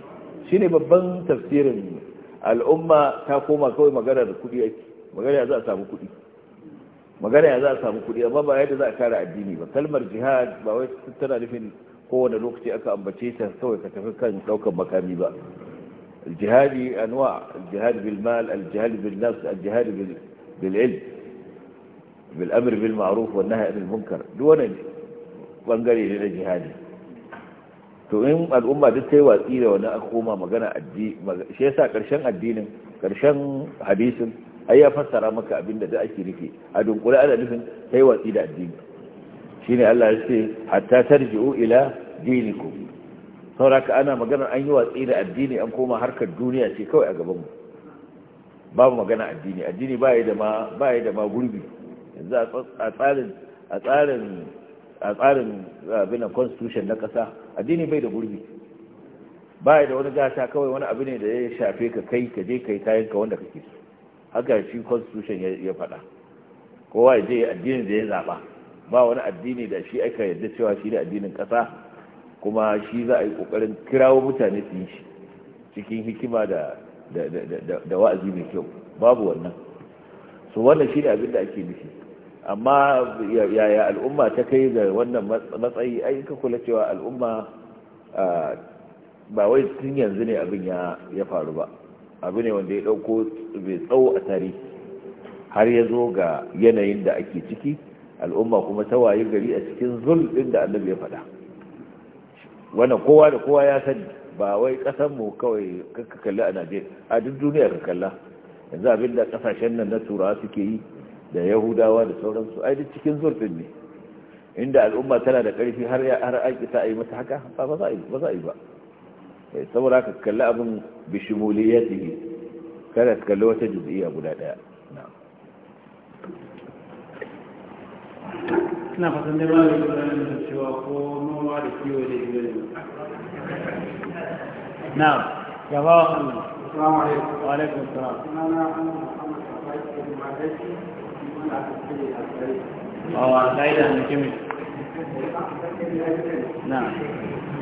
shine babban tafsirin al'umma ta koma kawai maganar kuɗi ake magana za a samu kuɗi magana ya za a samu kuɗi amma ba yadda za a kare addini ba kalmar jihad ba wai tana nufin kowane lokaci aka ambace ta kawai ka tafi kan ɗaukar makami ba jihadi anwa jihad bil mal al jihad bil nafs al jihad bil ilm bil amr bil ma'ruf wa nahy anil munkar duk wannan bangare ne na jihadi to in al'umma duk sai watsi da wani akoma magana addini shi yasa karshen addinin karshen hadisin ai ya fassara maka abin da ake nufi a dunkule ana nufin kai watsi da addini shine Allah ya ce hatta tarji'u ila dinikum ka ana maganar an yi watsi da addini an koma harkar duniya ce kawai a gabanmu babu magana addini addini ba ya da ma ba ya da ma gurbi yanzu a tsarin a tsarin a tsarin abin constitution na kasa addini bai da gurbi ba ya da wani gasa, kawai wani abu ne da ya shafe ka kai ka je kai yi ka wanda kake so haka shi constitution ya faɗa kowa ya je addinin da ya zaɓa ba wani addini da shi aka yarda cewa shi da addinin ƙasa kuma shi za a yi ƙoƙarin kirawo mutane su yi shi cikin hikima da da wa'azi mai kyau babu wannan su wannan shi ne abin da ake nufi amma yaya al'umma ta kai ga wannan matsayi ai ka kula cewa al'umma ah, ba wai tun yanzu ne abin ya faru ba abu ne wanda ya dauko bai tsawo a tarihi har ya zo ga yanayin da ake ciki al'umma kuma ta waye gari a cikin zulɗin da annabi ya faɗa wannan kowa da kowa ya sani ba wai mu kawai ka kalli a najeriya a duk duniya ka kalla yanzu abin da ƙasashen nan na turawa suke yi da yahudawa da sauransu ai duk cikin zulɗin ne inda al'umma tana da ƙarfi har ya har aiki ta yi mata haka ba za a yi ba saboda ka kalli abin bishimuli ya tihi kada su kalli wata jubiya السلام عليكم وعليكم السلام انا انا انا انا انا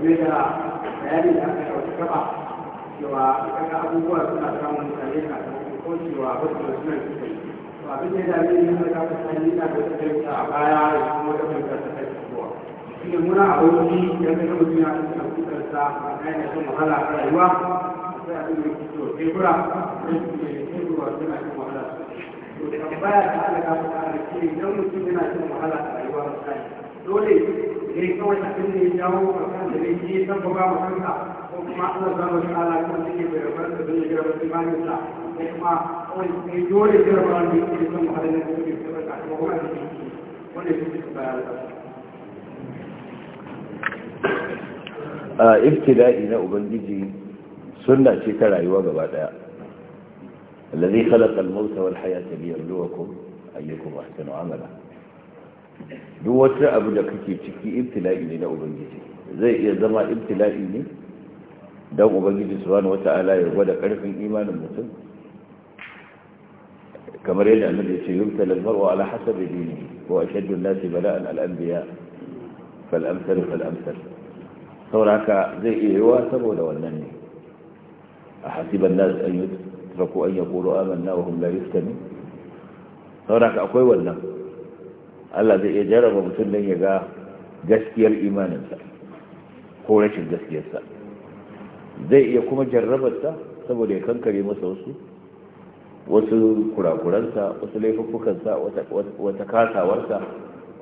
game da bayani da aka ɗauki gaba cewa kaga abubuwa suna samun mutane na ko cewa wasu da suna suka to abin da ya dame ni har ka sani na da wata fahimta a baya da kuma wata fahimta ta kai kuwa. shi muna aboki idan ka ga mutum ya kusa kusansa na yana shan wahala a rayuwa akwai abin da ya fito tebura don su ne tebura suna shan wahala to tambaya ta halaka ta halaki idan mutum yana shan wahala a rayuwa misali dole ne kawai a tun da ya jawo a kan da ne ya san ba mu kanka ko kuma Allah za mu sha Allah kuma take da rabar da zai gara wasu bayan sa da kuma kawai sai dole da rabar da yake san mu halin da yake da ka kuma kuma da yake wanda yake da a ibtida'i na ubangiji sunna ce ta rayuwa gaba daya الذي خلق الموت والحياة ليبلوكم أيكم أحسن عملا duk wata abu da kake ciki ibtila'i ne na ubangiji zai iya zama ibtila'i ne don ubangiji wata wata'ala ya gwada karfin imanin mutum kamar yadda annabi ya ce yubtala al-mar'u ala hasabi dinihi wa ashaddu an-nasi bala'an al-anbiya fal amsal fal amsal sauraka zai iya yiwa saboda wannan ne a hasiban nas an yutraku an yaqulu amanna wa hum la yuftanun sauraka akwai wannan Allah zai iya jarraba mutum don ya ga gaskiyar imaninsa ko rashin gaskiyarsa zai iya kuma jarrabarsa saboda ya kankare masa wasu wasu kurakuransa wasu laifukukansa wata kasawarsa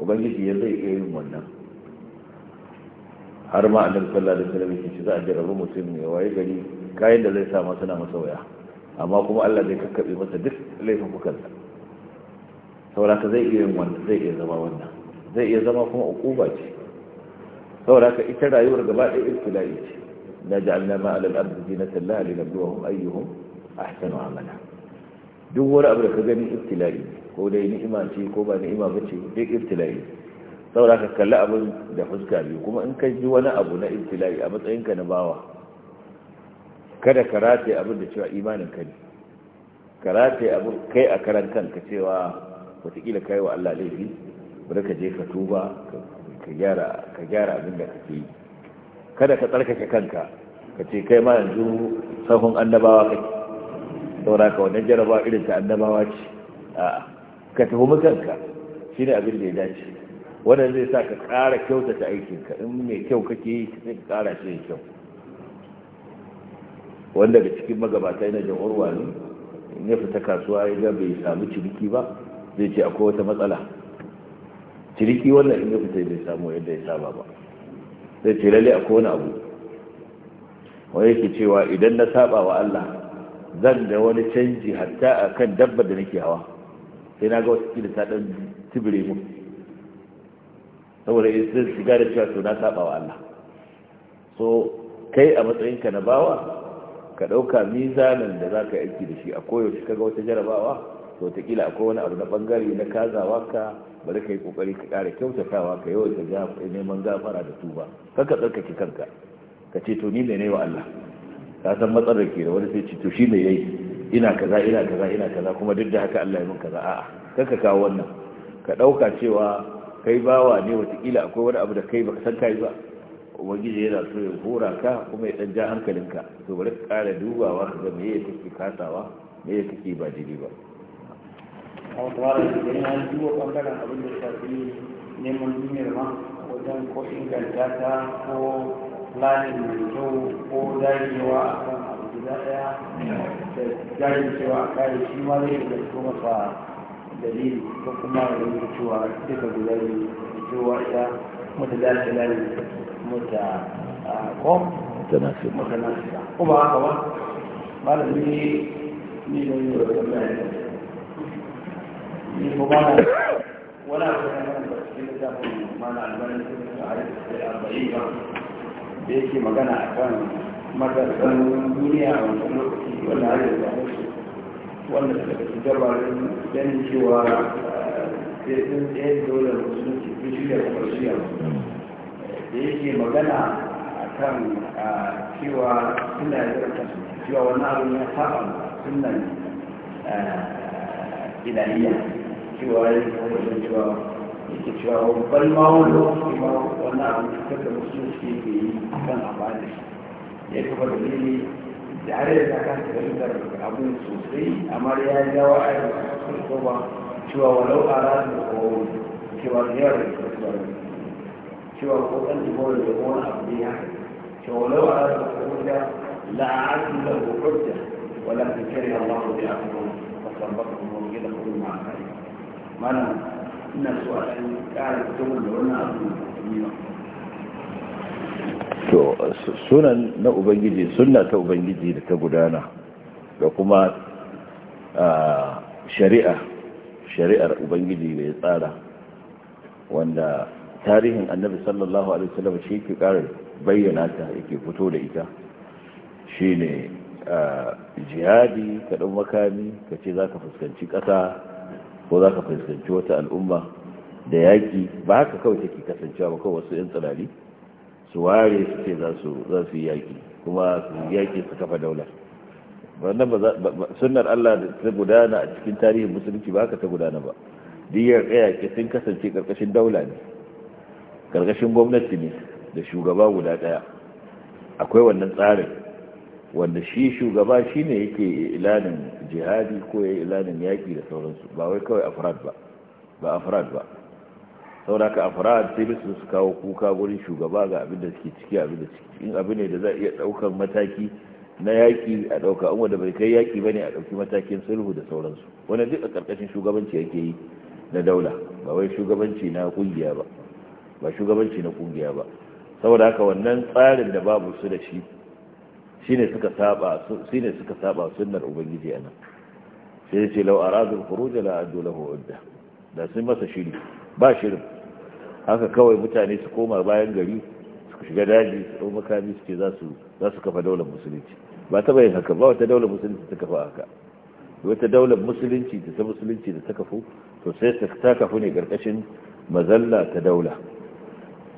ubangiji ya zai iya yin wannan har ma annabi sallallahu alaihi wasallam yake za a jarrabu mutum ya waye gari kayan da zai sa masa suna masa waya amma kuma Allah zai kakkabe masa duk laifukansa. sauraka zai iya wannan zai iya zama wannan zai iya zama kuma ukuba ce sauraka ita rayuwar gaba ɗaya ibtila'i ce la ja'alna arziki na talla ardi zinatan laha ayyuhun a ahsanu amana duk wani abu da ka gani ibtila'i ko dai ni'ima ce ko ba ni'ima ba ce duk ibtila'i sauraka kalli abin da fuska biyu kuma in ka ji wani abu na ibtila'i a matsayinka na bawa kada ka rataye abin da cewa imanin ka ne ka rataye abin kai a karan kanka cewa wataƙila ka yi wa Allah laifi bari ka je ka tuba ka gyara abin da kake yi kada ka tsarkake kanka ka ce kai ma yanzu sahun annabawa kai saura ka wannan jarabawa irin ta annabawa ce a ka tafi mutanka shi ne abin da ya dace wannan zai sa ka ƙara kyautata aikinka in mai kyau kake yi ka sai ka ƙara shi kyau wanda daga cikin magabata yana jan'urwa ne in ya fita kasuwa ya ga bai samu ciniki ba zai ce akwai wata matsala ciriki wannan in ya fita bai samu yadda ya saba ba zai ce lalle akwai wani abu wani yake cewa idan na saba wa Allah zan da wani canji hatta a kan dabbar da nake hawa sai na ga wasu kila ta ɗan tibire mu saboda yin sun shiga da cewa to na saba wa Allah so kai a matsayinka na bawa ka ɗauka mizanin da za ka aiki da shi a koyaushe ka ga wata jarabawa to wataƙila akwai wani abu na ɓangare na kazawa ka bari ka yi ƙoƙari ka ƙara kyautatawa ka yawai ka neman gafara da tuba kanka tsarkake kanka ka ce to ni ne ne wa Allah ka san matsalar ke da wani sai ce to shi ne yayi ina kaza ina kaza ina kaza kuma duk da haka Allah ya min kaza a'a kanka kawo wannan ka ɗauka cewa kai bawa ne wataƙila akwai wani abu da kai baka san kai ba ubangiji yana so ya hura ka kuma ya dan ja hankalinka to bari ka ƙara dubawa ka ga me yake kasawa me yake ba daidai ba a tsara da gani an duba bangaren abin da shafi neman duniyar ma wajen ko inganta ta ko lanin mai kyau ko dagewa a kan abu guda ɗaya da jajircewa a kare shi ma zai da su masa dalili ko kuma da yi cewa duka guda da, cewa ita mutu dalilai mutu ko mutu nasiba ko haka ba malami ne da yi wa مبارك ولا da yake magana a kan matasan duniya a lokaci wanda har yanzu a wasu wanda daga shugabarin ganin cewa sai sun tsaye dole shirya da yake magana a kan cewa suna yi zarta cewa wani abin ya saba sunan ilahiyya cewa ya yi kuma da cewa yake cewa babban mawon lokaci ma wani abu da kada musulunci ke yi kan amfani ya kafa da ne da har yanzu aka fahimtar abin sosai amma ya yi dawa a yanzu sun kowa cewa walau a ranar kowa cewa da yawa da kuma cewa ko kan jimori da kowane abu ne haka cewa walau a ranar kowa da la'a'atu lahu hujja wala ta kare Allah da ya kuma fasan baka kuma gida kuma ma'a mana ina so a da wannan abu da to sunan na ubangiji sunna ta ubangiji da ta gudana da kuma shari'a shari'ar ubangiji da ya tsara wanda tarihin annabi sallallahu alaihi wasallam shi ke ƙara bayyana ta yake fito da ita shine jihadi ka makami ka ce za ka fuskanci ƙasa ko za ka fuskanci wata al'umma da yaƙi ba haka kawai take kasancewa ba kawai wasu 'yan tsirari su ware su ce za su yi yaƙi kuma su yaƙi su kafa daular wannan sunar Allah da ta gudana a cikin tarihin musulunci ba haka ta gudana ba diyar yaƙi sun kasance ƙarƙashin daula ne ƙarƙashin gwamnati ne da shugaba guda ɗaya akwai wannan tsarin wanda shi shugaba shi ne yake ilanin jihadi ko ya ilanin yaƙi da sauransu ba wai kawai afirat ba ba afirat ba sauraka afirat sai bisu su kawo kuka wurin shugaba ga abin da suke ciki abin da ciki in abu ne da za a iya ɗaukar mataki na yaƙi a ɗauka an wanda bai kai yaƙi ba ne a ɗauki matakin sulhu da sauransu wani duk a ƙarƙashin shugabanci yake yi na daula ba wai shugabanci na ƙungiya ba ba shugabanci na ƙungiya ba saboda haka wannan tsarin da babu su da shi shine suka saba shine suka saba sunnar ubangiji anan sai ce law aradu al-khuruj la adu lahu udda da sun masa shiri ba shirin haka kawai mutane su koma bayan gari su shiga daji su dau makami su ce za su kafa daular musulunci ba ta bayin haka ba wata daular musulunci ta kafa haka wata daular musulunci da ta musulunci da ta kafu to sai ta kafu ne karkashin mazalla ta daula